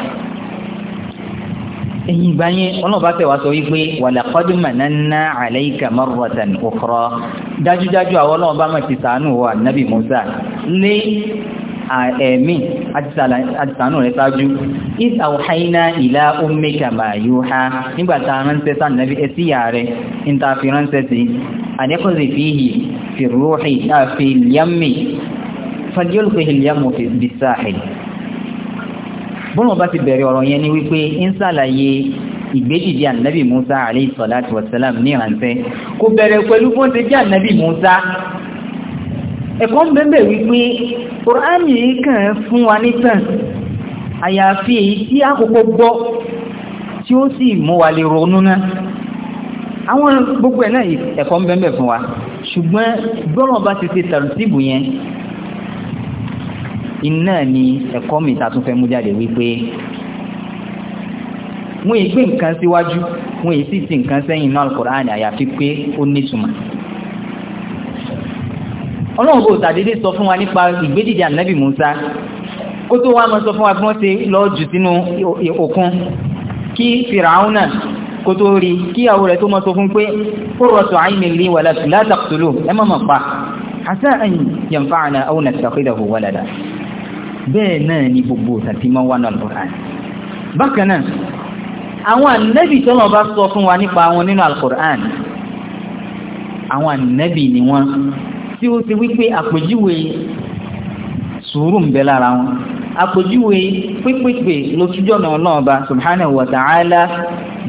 ẹ̀yìn ìgbà yẹn ọlọ́ọ̀bá tẹ̀ wá sọ wípé walaqad mananna alayka marratan ukhra dájúdájú àwọn ọlọ́ọ̀bá mà ti ṣàánú wa Nabi Musa lé ẹ̀mí àtisànù rẹ̀ sáájú is àwòháyiná ìlà ummika ma yuha nígbàtà ránṣẹ́ sáà nàbí ẹsí yà rẹ̀ ìntàfi ránṣẹ́ sí àdẹ́kùnrin fíhì fi rúhì àfi yammi fàdíọ́lùfẹ́hì yamu fi bisahil bọ́nà bá ti ẹ̀kọ́ ń bẹ́ẹ̀ wípé Kùránì kàn fún wa nítàn àyàfi èyí tí àkókò gbọ́ tí ó sì mú wa lè ronú náà àwọn gbogbo ẹ̀ náà ẹ̀kọ́ ń bẹ́ẹ̀ fún wa ṣùgbọ́n gbọ́nà bá ti ṣe tàrùtìbù yẹn iná ni ẹ̀kọ́ mi ta tún fẹ́ mú jáde wípé wọ́n yìí gbé nǹkan síwájú wọ́n yìí sì sí nǹkan sẹ́yìn náà Kùránì àyàfi pé ó nítumọ̀ ọlọ́run kò sàdédé sọ fún wa nípa ìgbédìde ànábì Musa kó tó wá mọ́ sọ fún wa bí wọ́n ti lọ jù sínú òkun kí fìràúnà kó tó rí kí ìyàwó rẹ̀ tó mọ́ sọ fún pé ó rọ̀tọ̀ àìní lè wà látàkùtùlù ẹ mọ́ mọ̀ pa àṣà ẹ̀yìn yẹnfà àná àwọn àtàkùdàwò wà dáadáa bẹ́ẹ̀ náà ni gbogbo tàbí mọ́ wà náà lọ́ràn bákan náà àwọn ànábì tọ́lọ̀ bá sọ fún wa nípa àwọn nínú al àwọn ànábì ni wọ́n tí ó ti wípé àpèjúwe sùúrù ń bẹ lára wọn àpèjúwe pípèpè lójújọ́nà ọlọ́ọ̀ba subhanahu wa ta'ala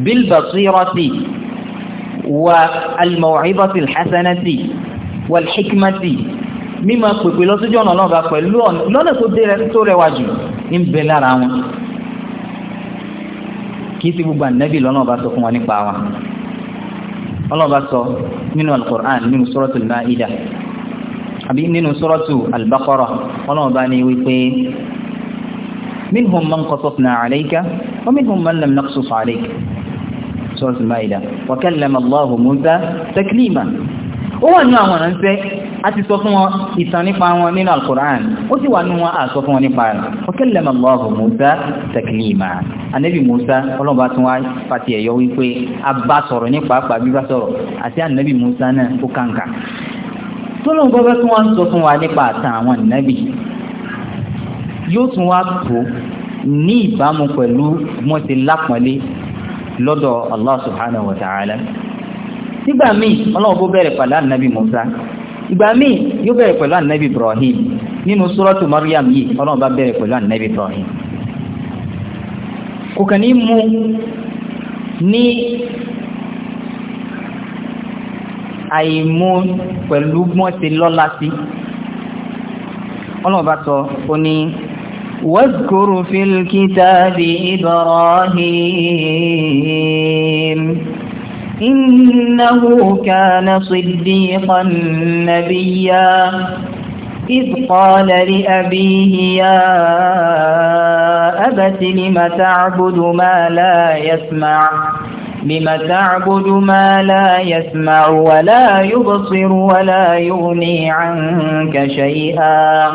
bil basirati wa al-maw'izati al-hasanati wal hikmati mímọ pèpè lọ́sọ́jọ́nà ọlọ́ọ̀ba pẹ̀lú lọ́nà tó rẹwà jù ń bẹ lára wọn kìí sí gbogbo ànábì lọ́nà ọba sọ fún wa nípa wa ọlọ́ọ̀ba sọ nínú al-Qur'an nínú suratul Ma'idah àbí nínú suratu al-Baqara ọlọ́run bá ní wípé minhum man qasasna alayka wa minhum man lam naqsus alayka suratu al-Maida wa kallama Allahu Musa taklima ó wà nínú àwọn ọ̀ránṣẹ́ a ti sọ fún wọn ìtàn nípa wọn nínú al-Qur'an ó sì wà nínú wọn àsọ fún wọn nípa rẹ̀ wa kallama Allahu Musa taklima anabi Musa ọlọ́ba tún wá fàtí ẹ̀yọ wípé a bá sọ̀rọ̀ nípa pàbí bá sọ̀rọ̀ àti anabi Musa náà ó kàǹkà tọ́lọ́ nǹkan fẹ́ kí wọ́n sọ fún wa nípa àtàn àwọn ìnábì yóò tún wá tó ní ìbámu pẹ̀lú wọ́n ti lápọ̀lé lọ́dọ̀ Allah subhanahu wa ta'ala nígbà míì ọlọ́run bó bẹ̀rẹ̀ pẹ̀lú ànábì Musa ìgbà míì yóò bẹ̀rẹ̀ pẹ̀lú ànábì Ibrahim nínú suratu Maryam yìí ọlọ́run bá bẹ̀rẹ̀ pẹ̀lú ànábì Ibrahim kò kàn ní mú ní àìmú pẹ̀lú mọ́ ti lọ́la sí ọlọ́ọ̀bá sọ ó ní wazkuru fil kitabi Ibrahim innahu kana siddiqan nabiyya إذ قال لأبيه يا أبت لم تعبد ما لا يسمع بما تعبد ما لا يسمع ولا يبصر ولا يغني عنك شيئا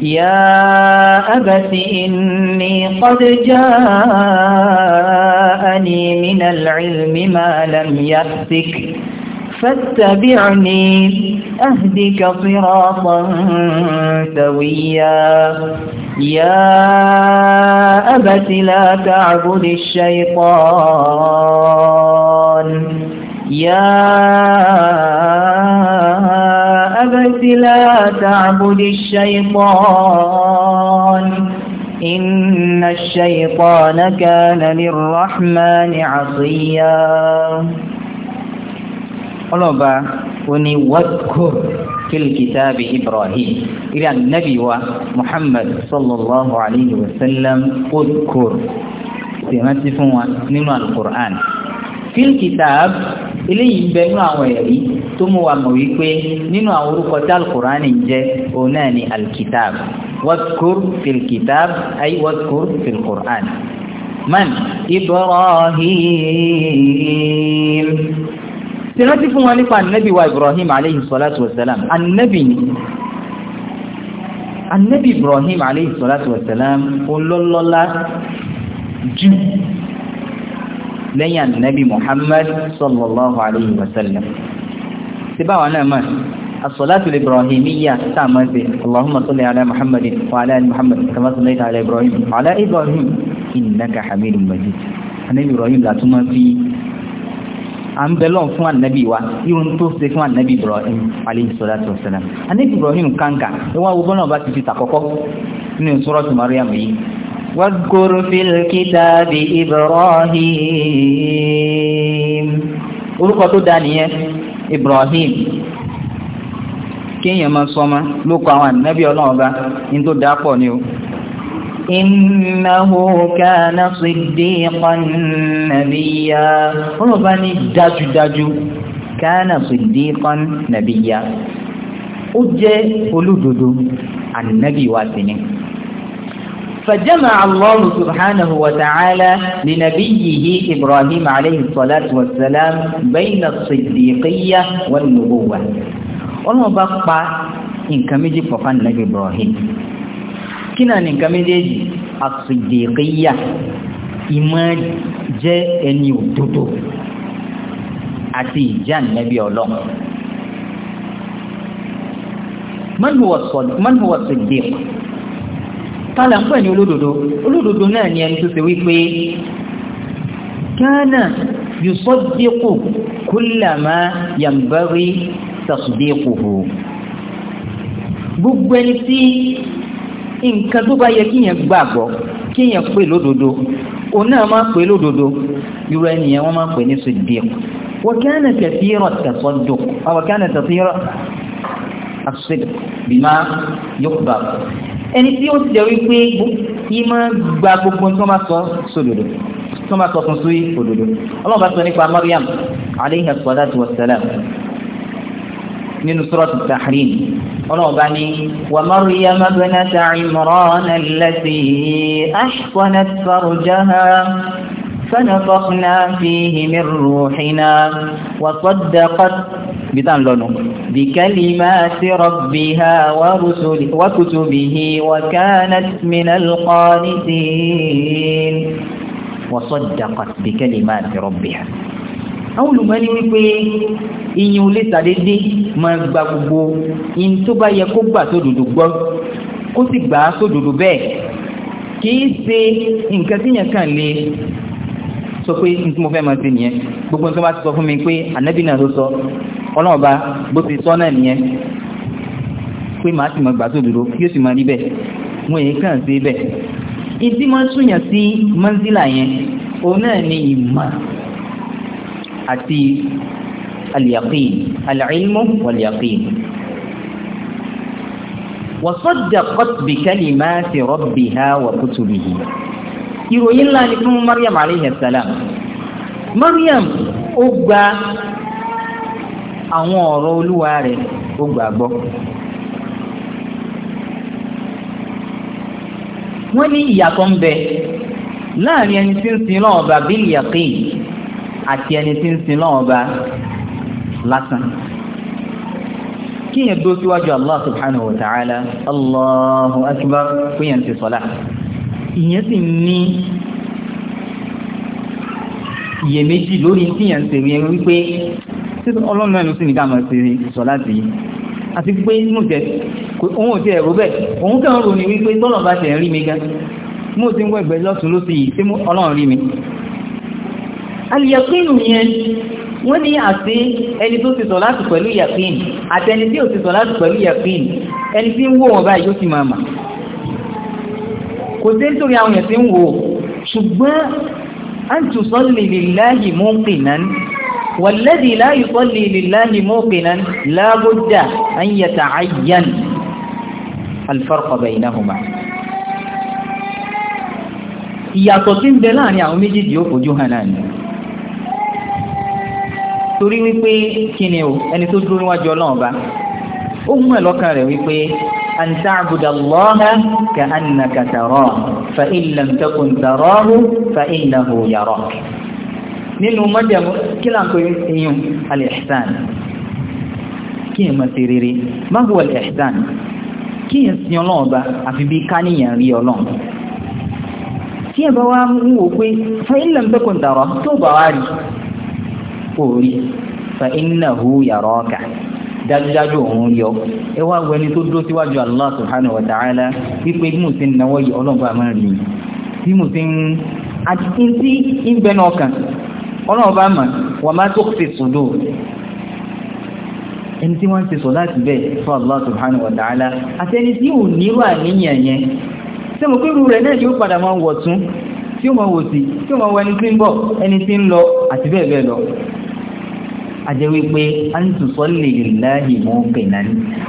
يا أبت إني قد جاءني من العلم ما لم يأتك فاتبعني أهدك صراطا سويا يا أبت لا تعبد الشيطان يا أبت لا تعبد الشيطان إن الشيطان كان للرحمن عصيا ọlọ́ọ̀bá oni wadkur fil kitabi ibrahim ila annabi wa muhammad sallallahu alayhi wa sallam wadkur sèrántí fún wa nínú alukur'an fil kitab eléyìí bẹ nínú àwọn ẹ̀rí tó mú wa mọ̀ wípé nínú àwọn orúkọ tí alukur'an ń jẹ́ òun ni alkitab wadkur fil ay wadkur fil man ibrahim ṣèrántí fún wọn nípa ànábì wa ibrahim aleyhi salatu wasalam ànábì ni ànábì ibrahim aleyhi salatu wasalam olólọ́lá jù lẹ́yìn ànábì muhammad sallallahu aleyhi wasallam ti báwa náà mọ̀ الصلاة الإبراهيمية تعمل به اللهم صل على محمد وعلى آل محمد كما صليت على إبراهيم وعلى إبراهيم إنك حميد مجيد أنا إبراهيم لا تما في à ń bẹ̀lọ́n fún ànábì wa irun tó ṣe fún ànábì Ibrahim alayhi salatu wassalam ànábì Ibrahim kàǹkà ìwà wo bọ́lá ọba ti fi tàkọ́kọ́ nínú suratu Maryam yìí. wadhkur fil kitabi Ibrahim orúkọ tó dá nìyẹn Ibrahim kéèyàn máa sọ ọmọ ló kọ àwọn innahu kana siddiqan nabiyya ọlọ́run bá ní dájúdájú kana siddiqan nabiyya ó jẹ́ olódodo ànábì wa sí ni فجمع الله سبحانه وتعالى لنبيه إبراهيم عليه الصلاة والسلام بين الصديقية والنبوة ọlọ́run bá pa nǹkan méjì pọ̀ fún ànábì Ibrahim kí náà nìkan méjèèjì àsìdèkíyà ìmọ̀ jẹ́ ẹni òdodo àti ìjà nẹ́bí ọlọ́run man huwa sadiq tààlà ń pẹ̀ ní olódodo olódodo náà ni ẹni tó ṣe wípé kana yusaddiqu kullama yanbaghi tasdiquhu gbogbo ẹni tí nǹkan tó bá yẹ kíyàn gbàgbọ́ kíyàn pè lódodo òun náà máa pè lódodo irú ẹnìyẹn wọ́n máa pè ní sùdíẹ̀ wọ́kánà tẹ̀síyọ̀rọ̀ tẹ̀sọ́dọ̀ wọ́kánà tẹ̀síyọ̀rọ̀ asèdè bímá yọkùbà ẹni tí ó ti jẹ́ wípé yìí máa gba gbogbo tí wọ́n máa sọ sódodo tí wọ́n máa sọ fún sí òdodo ọlọ́run bá sọ nípa Maryam aleyhi salatu wa salam من سورة التحريم رباني ومريم ابنة عمران التي أحصنت فرجها فنفخنا فيه من روحنا وصدقت بكلمات ربها وكتبه وكانت من القانتين وصدقت بكلمات ربها àwọn olùmọ̀ẹ́ni wípé ìyìn olè sàdédé máa gba gbogbo ìyìn tó bá yẹ kó gbà sódodo gbọ́ kó sì gbà á sódodo bẹ́ẹ̀ kìí ṣe sọ pé n tí mo fẹ́ máa ṣe nìyẹn gbogbo nǹkan bá ti sọ fún mi pé ànábì náà ló sọ ọlọ́ọ̀ba bó ti sọ náà nìyẹn pé màá sì máa gbà sódodo yóò sì máa rí bẹ́ẹ̀ wọn èyí kàn sí bẹ́ẹ̀ ìdí máa ń sí mọ́ńsílà yẹn òun náà ni ìmọ̀ àti al-yaqin al-ilmu wal-yaqin. wa saddaqat bi kalimati rabbiha wa kutubihi. ìròyìn ńlá ni fún Maryam alayhi salam Maryam ó gba àwọn ọ̀rọ̀ olúwa rẹ̀ ó gbàgbọ́. wọ́n ní ìyàtọ̀ ń bẹ láàrin ẹni tí ń sin náà bàbí ìyàkín àti ẹni tí ń sin lọ́wọ́ bá lásán kíyàn dó síwájú Allah subhanahu wa ta'ala Allahu akbar kíyàn ti sọ́lá ìyẹn sì ní iyèméjì lórí kíyàn sì rí wípé tí ọlọ́run ẹnu sí ní ká máa ṣe sọ́lá sí i àti pé mú jẹ òun ò ti ẹ̀rọ bẹ́ẹ̀ òun kàn ń rò wípé tọ́lọ̀ bá ṣe rí mi gan mú ti ń wẹ̀gbẹ́ lọ́tún lọ́sí yìí tí ọlọ́run rí mi alìyàkínù yẹn wọ́n ní àti ẹni tó ti sọ̀láàtù pẹ̀lú yàkín àti ẹni tí ò ti sọ̀láàtù pẹ̀lú yàkín ẹni tí ń wò wọn báyìí yóò ti máa mà kò sí nítorí àwọn èèyàn tí ń wò ṣùgbọ́n an tusalli lillahi muqinan والذي لا يصلي لله موقنا لا بد أن يتعين الفرق بينهما ìyàtọ̀ tí ń bẹ láàrin àwọn méjèèjì ó fojú hàn náà ni torí wípé kíni o ẹni tó dúró níwájú ọlọ́run ọba ó mú ẹ lọ́kàn rẹ̀ wípé an ta'budu Allaha ka'annaka tarahu fa in lam takun tarahu fa innahu yarak nínú mọ́jẹ̀mú kí láǹkó yíyún al-ihsan kí ẹ máa ṣe rere ma huwa al-ihsan kí ẹ sin ọlọ́run ọba àfi bí káníyàn rí ọlọ́run tí ẹ bá wá ń wò pé fa in lam tó bá wá rí kó o rí fa innahu yaraka dájúdájú òun yọ ẹ wá wẹni tó dúró síwájú Allah subhanahu wa ta'ala wípé bí mo ti ń nawọ́ yìí ọlọ́gbà máa rí bí mo ti ń àti tí ń bẹnu ọkàn ọlọ́run bá mà wà má tó fi sùdù ẹni tí wọ́n ti sọ láti bẹ́ẹ̀ fún Allah subhanahu wa ta'ala àti ẹni tí ò níwà níyàn yẹn tí mo pé irú rẹ̀ náà yóò padà máa wọ̀ tún tí ó máa wò sí tí ó máa wọ ẹni tí ń bọ̀ ẹni tí ń lọ àti bẹ́ẹ̀ bẹ́ẹ̀ lọ ajẹ́ wípé antusọ́lì lillahi muqinan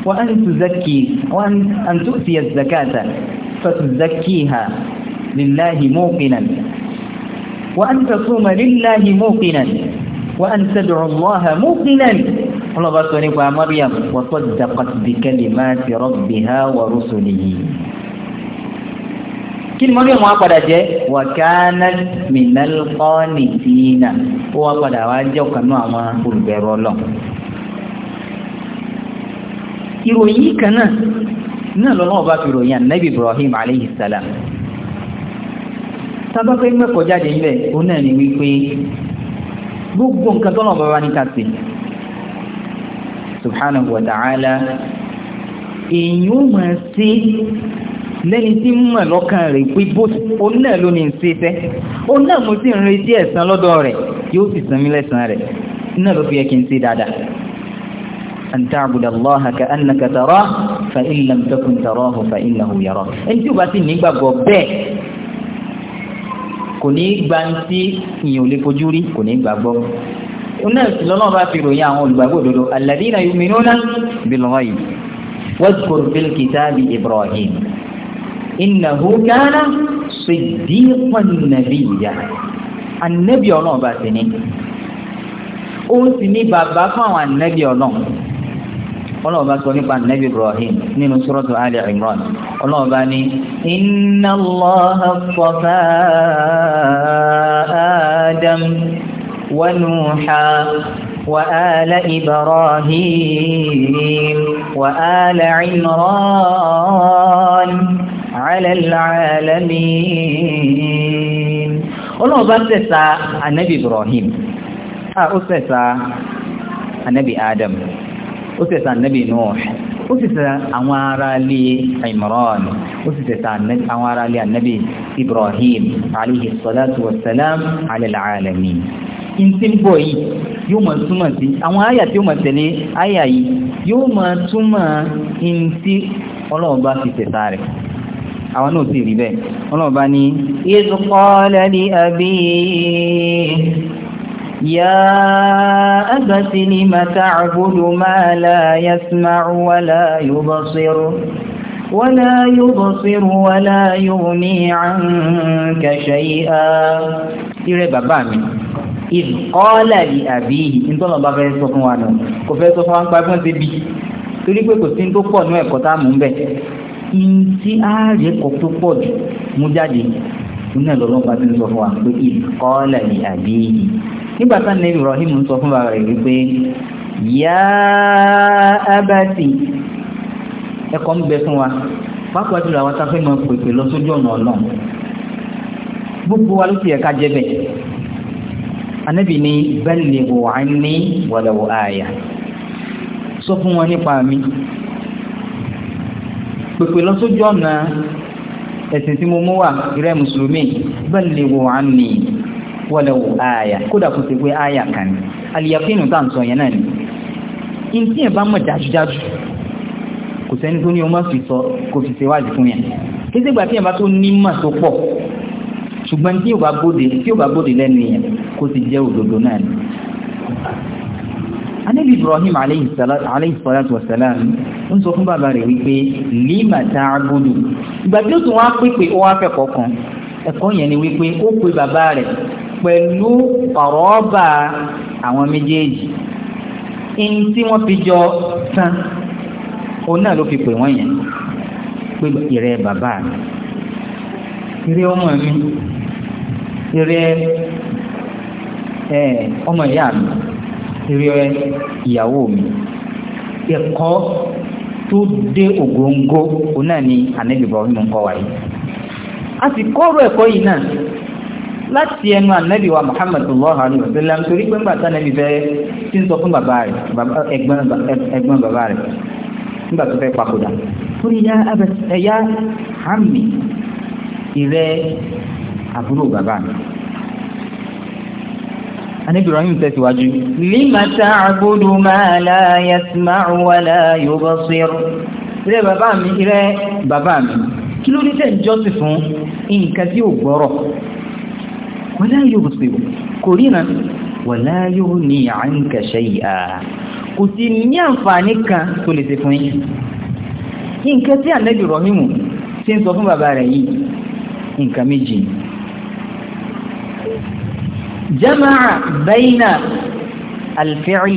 wa an zaki wa an antusi zakata fatuzakiha lillahi muqinan wa an so antasuma lillahi muqinan wa an dọ̀rọ̀ antad'u allaha muqinan bá sọ nípa Maryam wa saddaqat bi kalimati rabbiha wa rusulihi. kí ni mọ́mí wọn padà jẹ́ wàkánà mìnàlùkọ́ọ̀nì tìǹà ó wá padà wá jẹ́ ọ̀kanú àwọn olùbẹ̀rù ọlọ́ ìròyìn kan náà náà lọ́nà ọba fi ròyìn ànábì Ibrahim alayhi salam sábàpẹ́ mẹ́kọ̀ọ́ jáde ńbẹ̀ òun náà ni wípé gbogbo nǹkan tọ́nà bàbá ní ká subhanahu wa ta'ala èèyàn ó máa ṣe lẹ́ni tí ń mọ̀ lọ́kàn rẹ̀ pé bó òun náà ló ní ṣe fẹ́ òun náà mo sì ń retí ẹ̀san lọ́dọ̀ rẹ̀ yóò sì san mí lẹ́san rẹ̀ náà ló fi yẹ kí n ṣe dáadáa. أن تعبد الله كأنك تراه فإن لم تكن تراه فإنه يراك ẹni tí ó bá sì nígbàgbọ́ bẹ́ẹ̀ kò ní gba tí ìyẹn ò lè fojú rí kò ní gbàgbọ́ náà lọ́nà bá fi ròyìn àwọn olùgbàgbọ́ òdodo alladhina yu'minuna bil-ghayb wadhkur fil kitabi Ibrahim innahu kana siddiqan nabiyya ànábì ọlọ́run bá ti ní òun sì ní bàbá fún àwọn ànábì ọlọ́run ọlọ́run bá sọ nípa ànábì Ibrahim nínú suratu Ali Imran ọlọ́run bá ní inna Allaha istafa Adam wa Nuha وآل إبراهيم وآل عمران على العالمين ọlọ́run bá sẹ̀sà anabi ibrahim ó sẹ̀sà anabi adam ó sẹ̀sà anabi nuh ó sì sẹ̀sà àwọn ará ilé imran ó sì sẹ̀sà àwọn ará ilé anabi ibrahim alayhi salatu wasalam ala alalamin ìntí ń bọ̀ yìí yóò máa túmọ̀ sí àwọn àyà tí ó máa tẹ̀lé àyà yìí yóò máa túmọ̀ ìntí ọlọ́run bá fi sẹ̀sà rẹ̀ àwọn náà sì rí bẹ́ẹ̀ ọlọ́run bá ní. ìzùkọ́lẹ̀ ní àbí يا أبت لم تعبد ما لا يسمع ولا يبصر ولا يبصر ولا يغني عنك شيئا ire bàbá mi ìkọ́lá li àbíyì nítorí ọba fẹ́ sọ fún wa nù kò fẹ́ sọ fún wa ń pa fún ṣe bí torí pé kò sí tó pọ̀ nú ẹ̀kọ́ tá a mú tí a rí ẹ̀kọ́ tó pọ̀ jù mú jáde nínú ẹ̀lọ́lọ́run bá ti ń sọ fún wa pé ìkọ́lẹ̀ ní àbí yìí nígbà tá ní Ibrahim ń sọ fún bàbá rẹ̀ wípé yá abati ẹ̀kọ́ ń bẹ fún wa pápá jùlọ àwọn tá a fẹ́ mọ pèpè lọ sójú ọ̀nà ọlọ́run gbogbo wa ló ti ẹ̀ka jẹ bẹ́ẹ̀ anabi ni bẹ́ẹ̀ lè wọ̀ á àyà sọ fún wọn nípa mi pèpè lọ sójú ọ̀nà ẹ̀sìn tí mo mú wà ìrẹ́ mùsùlùmí bẹ́ẹ̀lì wò á nì wọlé wò áyà kódà kò sí pé áyà kan ní aliyakínú tá à ń sọ yẹn náà ni ìntí ẹ̀ bá mọ̀ dájúdájú kò sẹ́ni tó ní ọmọ fi sọ kò fi ṣèwádìí fún yẹn kí sígbà tí ẹ̀ bá tó nímọ̀ tó pọ̀ ṣùgbọ́n tí ò bá bóde lẹ́nu yẹn kó ti jẹ́ òdodo náà ni anábì ibrahim aleyhisalatu wasalam ń sọ fún bàbá rẹ̀ wípé lima ta'budu ìgbà tí ó tún wá pépè ó wá fẹ́ kọ̀ọ̀kan ẹ̀kọ́ yẹn ni wípé ó pe bàbá rẹ̀ pẹ̀lú ọ̀rọ̀ọ̀bà àwọn méjèèjì in tí wọ́n fi jọ tán òun náà ló fi pè wọ́n yẹn pé ìrẹ́ bàbá mi ìrẹ́ ọmọ mi ìrẹ́ ọmọ ìyá mi láti rí ìyàwó mi ẹ̀kọ́ tó dé ògóńgó òun náà ni ànábì Ibrahim ń kọ́ wa yìí a sì kọ́rọ̀ ẹ̀kọ́ yìí náà láti ẹnu ànábì wa Muhammad sallallahu alaihi wa sallam torí pé ńgbà tánàbì fẹ́ tí ń sọ fún bàbá rẹ̀ ẹ̀gbọ́n bàbá rẹ̀ nígbà tó fẹ́ papòdà ó ní ẹ̀yà hàmì ìrẹ́ àbúrò bàbá mi. Ànábì Ibrahim tẹ̀síwájú. lima ta'budu ma la yasma'u wa la yubsir. ilé bàbá mi ilé bàbá mi kí ló ní tẹ̀ ń jọ́sì fún nǹkan tí ò gbọ́rọ̀ wa la yubsir kò ríran wa la yughni 'anka shay'a kò sí ní àǹfààní kan tó lè ṣe fún yín nǹkan tí Ànábì Ibrahim ti ń sọ fún bàbá rẹ̀ yìí nǹkan méjì yìí جمع بين الفعل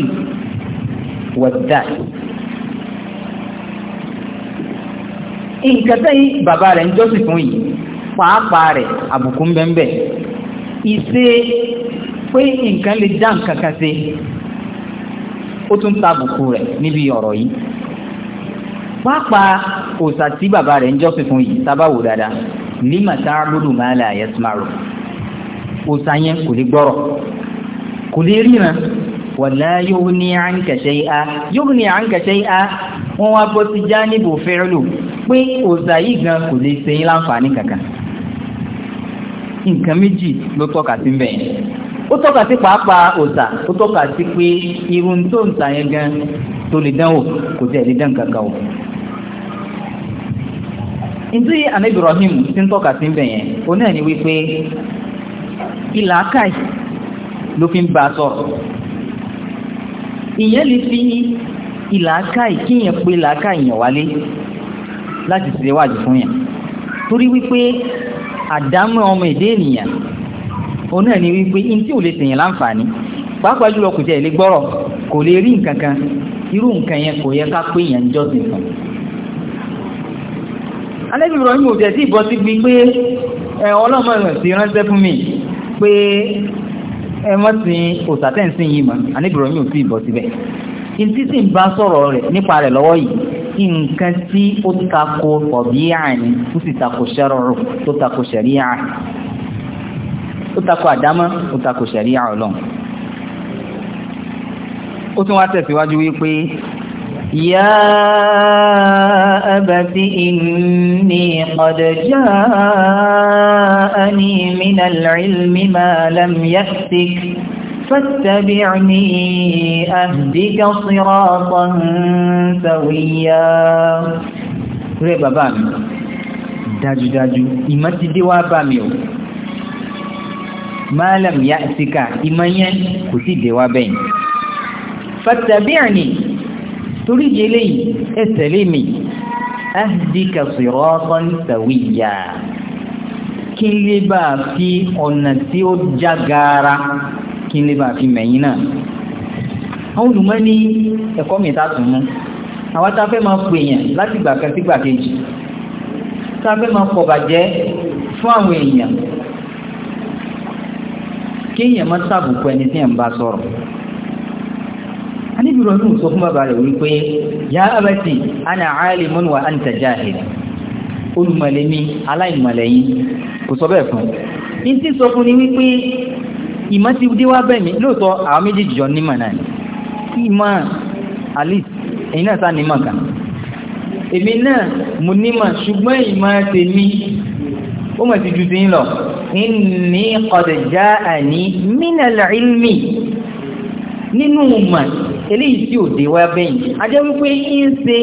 والذات nǹkan tẹ́yìn bàbá rẹ̀ ń jọ́sìn fún yìí pàápàá rẹ̀ àbùkù ń bẹ ń bẹ ìṣe pé nǹkan lè dá nǹkan kan ṣe ó tún ta àbùkù rẹ̀ níbi ọ̀rọ̀ yìí pàápàá òòṣà tí bàbá rẹ̀ ń jọ́sìn fún yìí sábà wò dáadáa lima ta'budu ma la òòsà yẹn kò lè gbọ́rọ̀ kò lè ríran wàlá yóò ní àǹkàṣẹ́ ìhá yóò ní àǹkàṣẹ́ ìhá wọn wá bọ́ sí jánìbò fẹ́rẹ́lò pé òòsà yìí gan kò lè ṣe yín láǹfààní kankan nǹkan méjì ló tọ́ka sí mbẹ̀ ó tọ́ka sí pàápàá ó tọ́ka sí pé tó ń o ti ń tọ́ka sí yẹn ìlàákàì ló fi ń bá sọ̀rọ̀ ìyẹn lè fi ìlàákàì kí yẹn pé ìlàákàì yẹn wálé láti ṣèwádìí fún yẹn torí wípé àdámọ́ ọmọ èdè ènìyàn òun náà ni wípé in tí ò lè ṣèyàn láǹfààní pàápàá jùlọ kò jẹ́ ilé gbọ́rọ̀ kò lè rí nǹkan kan irú nǹkan yẹn kò yẹ ká pé èèyàn ń jọ́sìn fún alẹ́bí Ibrahim ò tẹ̀sí ìbọn sí gbí pé ọlọ́mọ rẹ̀ sì ránṣẹ́ fún mi pé ẹ mọ́ sí òsàtẹ́ǹsìn yìí mọ́ àníbìrọ̀ mi ò tí ì bọ̀ síbẹ̀ ìtí sì ń bá sọ̀rọ̀ rẹ̀ nípa rẹ̀ lọ́wọ́ yìí nǹkan tí ó tako ọ̀bíyà ni ó sì tako ṣẹ́rọ̀rọ̀ tó tako ṣẹ̀ríyà ó tako àdámọ́ ó tako ṣẹ̀ríyà ọlọ́run ó tún wá tẹ̀síwájú wípé يا أبت إني قد جاءني من العلم ما لم يأتك فاتبعني أهدك صراطا سويا ربا بامي داجو داجو إما تدوا بامي ما لم يأتك إما ين كتدوا بامي فاتبعني torí ìyẹlẹ yìí ẹ tẹ̀lé mi ahdika siratan sawiya kí n lè bá a fi ọ̀nà tí ó já gaara kí n lè bá a fi mẹ̀yìn náà àwọn olùmọ̀ ní ẹ̀kọ́ mi ta tún mú àwọn tá máa pè yàn láti gbà kan gbà kejì tá máa pọ̀ bàjẹ́ fún àwọn èèyàn kéèyàn má sàbùkù ẹni tí ẹ̀ bá sọ̀rọ̀ Ànábì Ibrahim sọ fún bàbá rẹ̀ wípé ya abati ana alimun wa anta jahil olùmọ̀lẹ́mí aláìmọ̀lẹ́yìn kò sọ bẹ́ẹ̀ fún in tí sọ fún ni wípé ìmọ̀ ti dé wá bẹ́ẹ̀ mi lóòótọ́ àwọn méjèèjì jọ nímọ̀ náà ìmọ̀ alice ẹ̀yin náà sáà nímọ̀ kan èmi náà mo mọ̀ eléyìí tí ò dé wá bẹ́yìn a jẹ́ wípé ń ṣe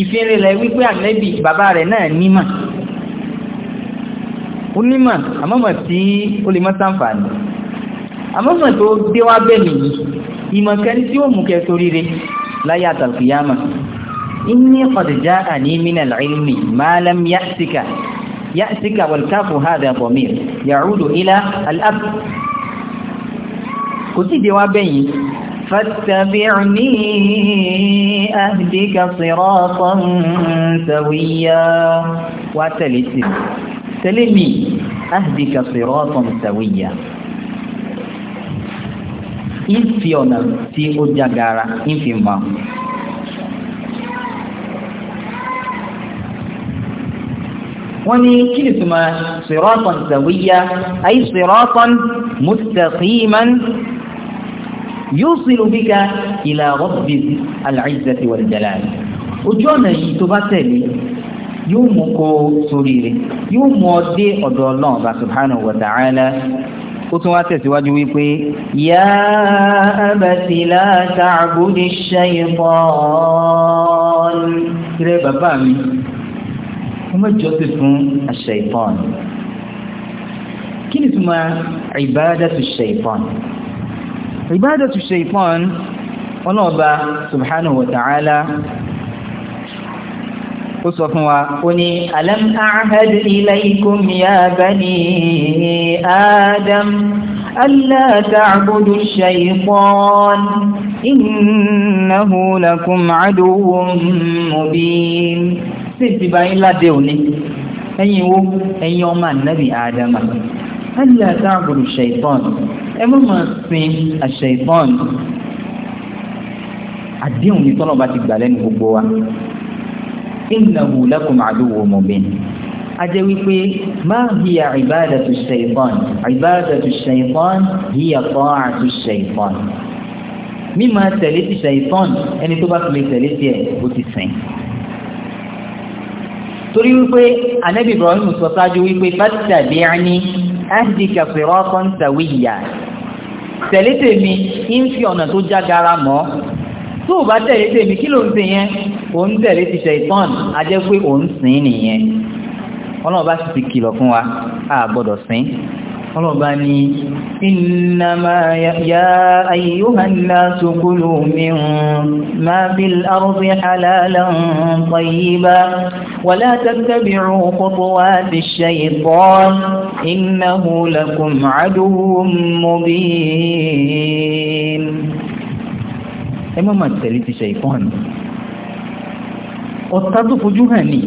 ìfinrinlẹ̀ wípé ànábì bàbá rẹ̀ náà nímọ̀ ó nímọ̀ àmọ́mọ̀ tí ó lè mọ́ ṣàǹfààní àmọ́mọ̀ tó dé wá bẹ́yìn ìmọ̀ kan tí ó mú kẹsọ ríre láyé àtàlùkìyàmà inni qad ja'ani mina kò sí dé bẹ́yìn فاتبعني أهدك صراطا سويا وتلسل سلمي أهدك صراطا سويا إنفيونا في أجاقارا إنفي ما وني كلمة صراطا سويا أي صراطا مستقيما yusilu bika ila rabbil al-izzati wal jalal ojú ọ̀nà yìí tó bá tẹ̀lé yóò mú kó sórí rẹ̀ yóò mú ọ dé ọ̀dọ̀ ọlọ́run bá subhanahu wa ta'ala ó tún wá tẹ̀síwájú wípé yá abati la ta'budi shaytan rẹ bàbá mi wọ́n mẹ́jọ sí fún ash-shaytan kí ni túmọ̀ ibadatu ash-shaytan ìbádàtù ṣèpọ́n ọlọ́ọ̀ba subhanahu wa ta'ala ó sọ fún wa ó ní alam a'had ilaykum ya bani adam alla ta'budu ṣèpọ́n innahu lakum aduwwun mubin sí ìtìbà yín ládé òní ẹ̀yin wo ọmọ ànábì ádámà alla ta'budu ṣèpọ́n ẹ má máa sin àṣẹ ìbọn àdéhùn ní tọ́lọ̀ bá ti gbà lẹ́nu gbogbo wa innahu lakum aduwwun mubin ajẹ́ wípé ma hiya ibadatu shaytan ibadatu shaytan hiya ta'atu shaytan mímọ tẹ̀lé ti shaytan ẹni tó bá fi lè tẹ̀lé tiẹ̀ ó ti sìn torí wípé anabi ibrahim sọ ṣáájú wípé fattabi'ni ahdika siratan sawiyya tẹ̀lé tèmi ń fi ọ̀nà tó já gara mọ́ tó o bá tẹ̀lé tèmi kí ló ń sìn yẹn ò ń tẹ̀lé ti ṣe ìtàn ajẹ́ pé ò ń sìn nìyẹn ọlọ́run bá sì ti kìlọ̀ fún wa a gbọ́dọ̀ sìn محربني إنما يا أيها الناس كلوا من ما في الأرض حلالا طيبا ولا تتبعوا خطوات الشيطان إنه لكم عدو مبين إما ما تلت شيطان والتضف جهني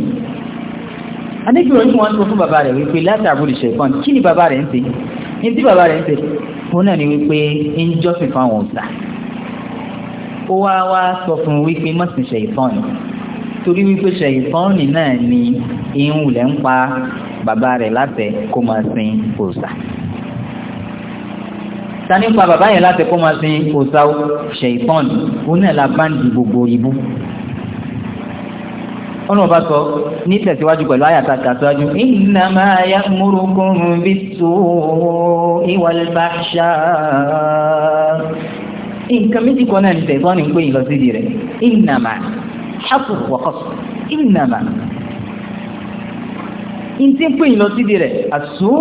anẹ́gbẹ̀rẹ̀ ojú wọn tó fún bàbá rẹ̀ wípé látàbùrì ṣẹ̀fọ́n kí ni bàbá rẹ̀ ń ṣe ní tí bàbá rẹ̀ ń ṣe òun náà ni wípé ń jọ́sìn fún àwọn òòṣà ó wá wá sọ fún wípé mọ̀sìn ṣẹ̀fọ́n torí wípé ṣẹ̀fọ́n náà ni ìhun lẹ̀ ń pa bàbá rẹ̀ láti kó máa sin òòṣà ta nípa bàbá yẹn láti kó máa sin òòṣà ṣẹ̀fọ́n òun náà la bá ń di gbogbo ibú ọlọ́run bá sọ ní tẹ̀síwájú pẹ̀lú àyàtà tàṣíwájú. innama ya'murukum bis-su'i wal-fahsha. nǹkan méjì kan náà ní tẹ̀síwájú ní pé ìlọsídìí rẹ̀ innama hasr wa qasr innama ntí ń pè yín lọ síbi rẹ̀ àṣù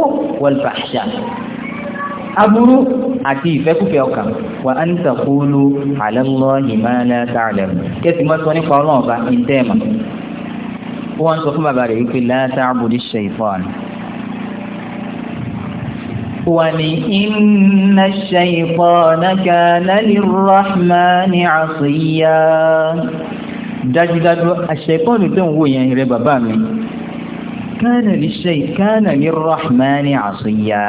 wọlbàṣà aburú àti ìfẹ́kùfẹ́ ọkàn wà á ń tàkúlù àlẹ́lọ́ ìmọ̀lẹ́ tààlẹ̀ mọ́ sọ nípa ọlọ́ọ̀bá ó wá ń sọ fún bàbá rẹ̀ wípé la ta'budi shaytan wà ní inna shaytana kana lirrahmani asiya dájúdájú àṣẹ̀kọ́nù tó ń wò yẹn rẹ̀ bàbá mi kana lirrahmani asiya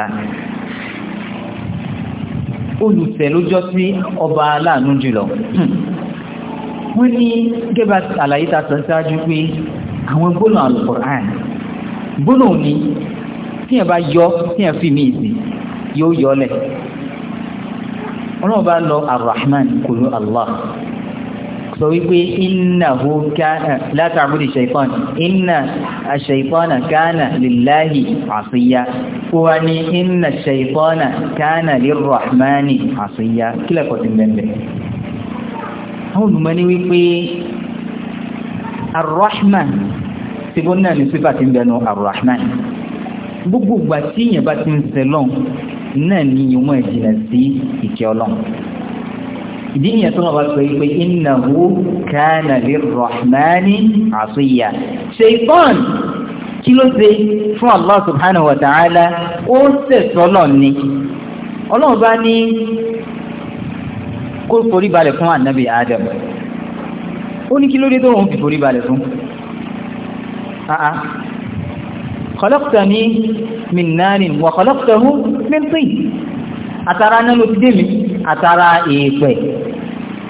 olùṣẹ̀ lójọ́ sí ọba aláàánú jùlọ wọ́n ní gẹ́bà àlàyé ta sọ sáájú àwọn gbólóhùn alukur'an gbólóhùn ni tí yẹn bá yọ tí yẹn fi míì sí yóò yọ lẹ̀ ọlọ́run bá lọ arahman kulu allah sọ wípé innahu kana la ta'budu shaytan inna ash-shaytana kana lillahi asiya kó wá ní inna ash-shaytana kana lirrahmani asiya ti bẹ̀rẹ̀ àwọn olùmọ̀ wípé arrahman síbó náà ní sífà tí ń bẹnu arrahman gbogbo ìgbà tí èèyàn bá ti ń sẹlọ́n náà ní ìwọ̀n ìjìnlẹ̀ sí ìkẹ́ ọlọ́run ìdí ìyẹn tó wọ́n bá sọ wípé innahu kana lirrahmani asiya ṣeitan kí ló ṣe fún allah subhanahu wa ta'ala ó sẹ̀sọ́ lọ ni ọlọ́run bá ní kó forí balẹ̀ fún anabi adam ó ní kí ló dé tó òun fi forí balẹ̀ fún àà khalaqtani min narin wa khalaqtahu min tin àtàrà náà ló ti dé mi àtàrà èèpẹ̀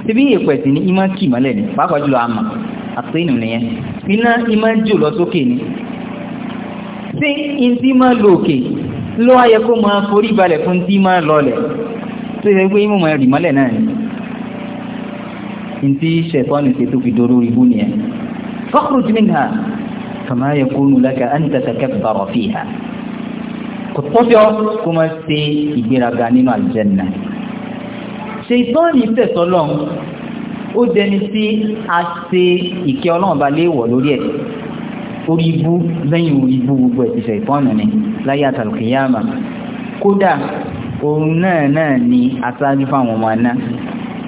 síbí èèpẹ̀ sí ní ìmọ̀ kì mọ́lẹ̀ ni pàápàá jùlọ àmà àtínù nìyẹn iná ìmọ̀ jù lọ sókè ni sí ìdí máa lòkè ló ayẹ kó máa forí balẹ̀ fún ìdí máa lọlẹ̀ tó yẹ pé ìmọ̀ rì mọ́lẹ̀ náà ni ntí ṣẹ̀tọ́nì ṣe tó fi dòrò ibú nìyẹn fakhruj minha kama yakunu laka an tatakabbara fiha kò tọ́jọ́ kó máa ṣe ìgbéraga nínú àlùjànnà ṣẹ̀tọ́nì tẹ̀sọ́ lọ́n ó dẹni tí a ṣe ìkẹ́ ọlọ́run ba léèwọ̀ lórí ẹ̀ orí ibú lẹ́yìn orí ibú gbogbo ẹ̀ ti ṣẹ̀tọ́nì ni láyé àtàlùkìyàmà kódà òun náà náà ni aṣáájú fáwọn ọmọ náà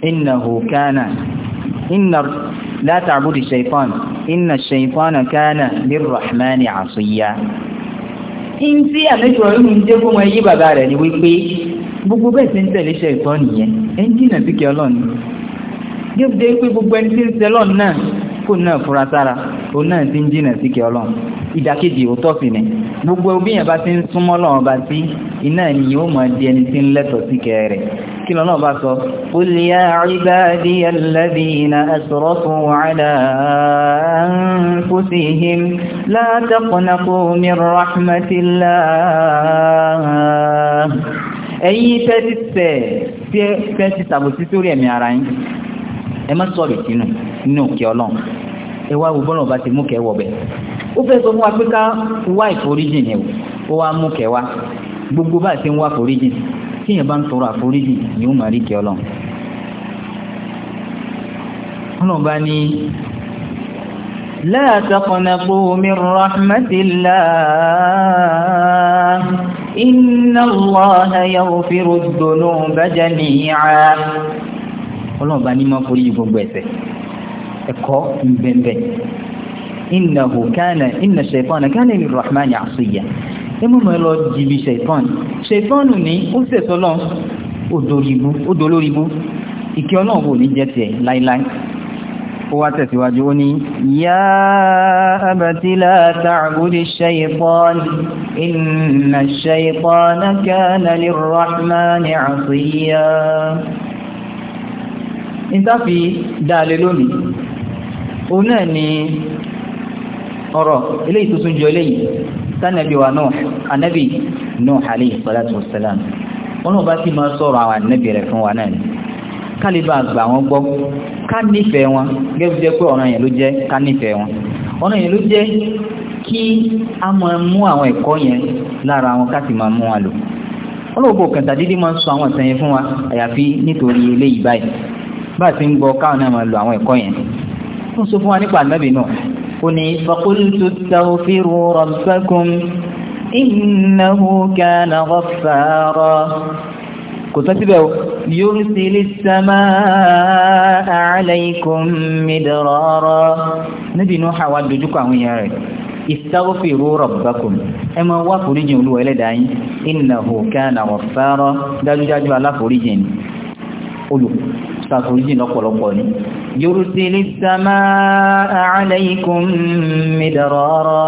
innahu kana inna la ta'budu shaytan inna shaytana kana lirrahmani asiya in tí àlejò ọ̀rùn ń jẹ́ fún wọn yí bàbá rẹ̀ ni wípé gbogbo bẹ́ẹ̀ ti ń tẹ̀lé iṣẹ́ ìtọ́ nìyẹn ẹni jìnà sí kí ọlọ́ni yóò dé pé gbogbo ẹni tí ń tẹ lọ́n náà kò náà sí ni gbogbo bí bá ti ń súnmọ́ lọ́wọ́ bá sí iná ẹni yóò mọ̀ di ẹni tí ń lẹ́tọ̀ọ́ sí rẹ̀ kí lọ́nà bá sọ qul ya ibadiya alladhina asrafu ala anfusihim la taqnatu min rahmatillah ẹ̀yin tẹ́tí tẹ́ tẹ́tí tàbùtí sórí ẹ̀mí ara yín ẹ má sọ̀rọ̀ ìtinú nínú òkè ọlọ́run ẹ wá wo bọ́lọ̀ bá ti mú kẹ́ wọ̀bẹ̀ ó fẹ́ sọ fún wa pé ká wá ìforíjìn ni ó wá mú kẹ́ wá gbogbo bá ti ń wá ìforíjìn tíyẹn bá ń tọrọ àforíjì yóò máa rí kí ọlọ́run ọlọ́run bá ní la taqnatu min rahmatillah inna Allaha yaghfiru dhunuba jami'a ọlọ́run bá ní máa foríjì gbogbo ẹ̀ṣẹ̀ ẹ̀kọ́ ń bẹ́ẹ̀ bẹ́ẹ̀ innahu kana inna shaytana kana lirrahmani ẹmọ́mọ́ ẹ lọ jìbì ṣẹ̀fọ́n ṣẹ̀fọ́n ní ó sẹ̀sọ́ lọ odòlóríbú ìkẹ́ ọlọ́run ò ní jẹ́ tiẹ̀ láíláí ó wá tẹ̀síwájú ó ní yá abàtí látàbùdí ṣẹ́yìpọ́n iná ṣẹ́yìpọ́n kánà lè ọ̀rọ̀ eléyìí tuntun jọ eléyìí sanabi wa nuh anabi nuh alayhi salatu wa salam wọn bá ti máa sọ̀rọ̀ àwọn anabi rẹ̀ fún wa náà ni ká lè bá gbà wọn gbọ́ ká nífẹ̀ẹ́ wọn gẹ́gẹ́ jẹ́ pé ọ̀ràn yẹn ló jẹ́ ká nífẹ̀ẹ́ wọn ọ̀ràn yẹn ló jẹ́ kí a máa mú àwọn ẹ̀kọ́ yẹn lára wọn ká sì máa mú wọn lò olóògbò kẹta dídí máa ń sọ àwọn ìsẹ̀yìn fún wa àyàfi nítorí eléyìí báyìí bá a ti ń gbọ́ káwọn náà máa lo àwọn ẹ̀kọ́ yẹn ó sọ fún wa nípa ànábì náà قني فقلت استغفروا ربكم إنه كان غفارا كتبوا يرسل السماء عليكم مدرارا نبي نوح وادجوك عن يارد استغفروا ربكم اما وفرج ولو الداي انه كان غفارا دجاجو على فرجين قلوا ṣàforíjì lọ́pọ̀lọpọ̀ ni yorùsílì sàmà àlẹ́yìnkùn mìdàrọ́rọ́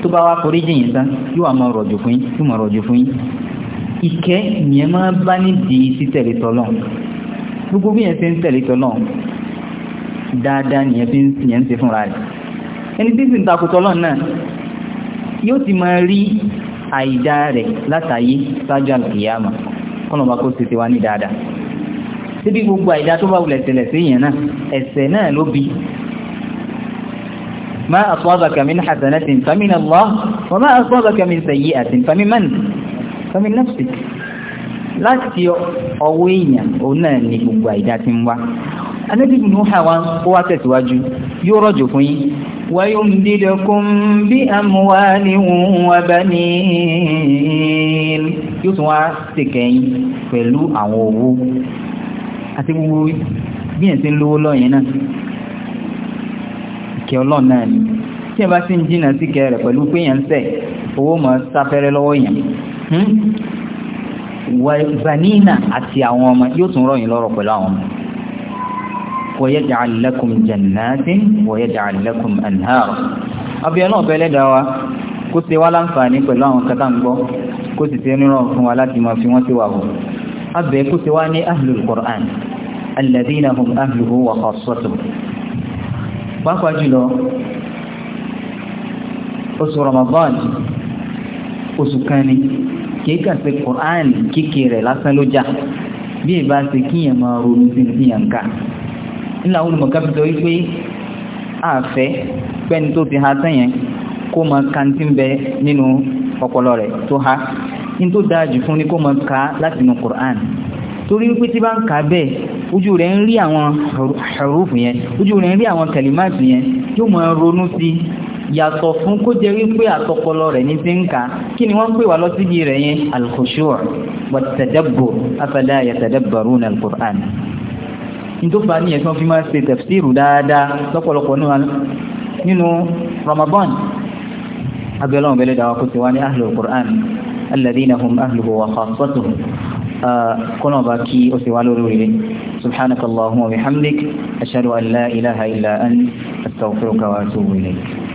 tó bá wá foríjì yìí tán yóò àmọ́ rọ̀jò fún yín yóò mọ̀ rọ̀jò fún yín ìkẹ́ nìyẹn máa bá nídìí sí tẹ̀lé tọ́lọ́ gbogbo bí yẹn ṣe ń tẹ̀lé tọ́lọ́ ti máa rí àìdá rẹ̀ látàyé sáájú àlùkìyàmà kọ́nà bá kó ṣe ti wá ní dáadáa síbi gbogbo àìdá tó bá wulẹ̀ tẹ̀lẹ̀ sí yẹn náà ẹ̀ṣẹ̀ náà ló bi ma asabaka min hasanatin famin Allah wa ma asabaka min sayyi'atin famin man famin nafsik láti ọwọ́ èèyàn òun náà ni gbogbo àìdá ti ń wá anábìbù ní àwa ó wá tẹ̀síwájú yóò rọ̀jò fún yín wa yumdidukum bi amwalin wa banin yóò tún wá ṣèkẹ́yìn pẹ̀lú àwọn owó àti gbogbo bí ẹ̀ ti ń lówó lọ́yìn náà ìkẹ́ ọlọ́run náà ni tí ẹ bá sì ń jìnà sí kẹ rẹ̀ pẹ̀lú pé yẹn ń sẹ̀ owó mọ̀ sáfẹ́rẹ́ lọ́wọ́ yẹn hmm? wàníìnà àti àwọn ọmọ yóò tún rọ̀yìn lọ́rọ̀ pẹ̀lú àwọn ọmọ wayaj'al lakum jannatin wayaj'al lakum anhara ọbẹ̀ náà bẹ́ẹ̀ lẹ́dàá wa kó ṣe wá láǹfààní pẹ̀lú àwọn kátà ń gbọ́ kó sì ṣe nírọ̀ fún wa láti mọ̀ fi wọ́n sí wà wọ̀ abẹ́ kó ti wá ní ahlul Qur'an alladhina hum ahluhu wa khassatuhu pàápàá jùlọ oṣù Ramadan oṣù kan ni kìí kà sí Qur'an kíkéré lásán ló já bí ìbá ṣe kíyàn máa ronú sí kíyàn ká nílà olùmọ̀ká fi wípé àfẹ́ pẹ́ni tó ti ha sẹ́yìn kó máa kàntí ń bẹ nínú ọpọlọ rẹ̀ tó ha in tó dáa jù fún ni kó mọ ká láti inú Qur'an torí wípé tí bá ń kà bẹ́ẹ̀ ojú rẹ̀ ń rí àwọn ṣàrúfù yẹn ojú rẹ̀ ń rí àwọn kẹlímáàtì yẹn yóò mọ ronú sí yàtọ̀ fún kó jẹ́ wípé àtọpọlọ rẹ̀ ní ti ń ka kí ni wọ́n pè wá lọ síbi rẹ̀ yẹn al-khushu' wa tadabbur afala yatadabbaruna al-Qur'an Qur'an الذين هم أهله وخاصته آه، كنا باكي أسوال رولي سبحانك اللهم وبحمدك أشهد أن لا إله إلا أنت أستغفرك وأتوب إليك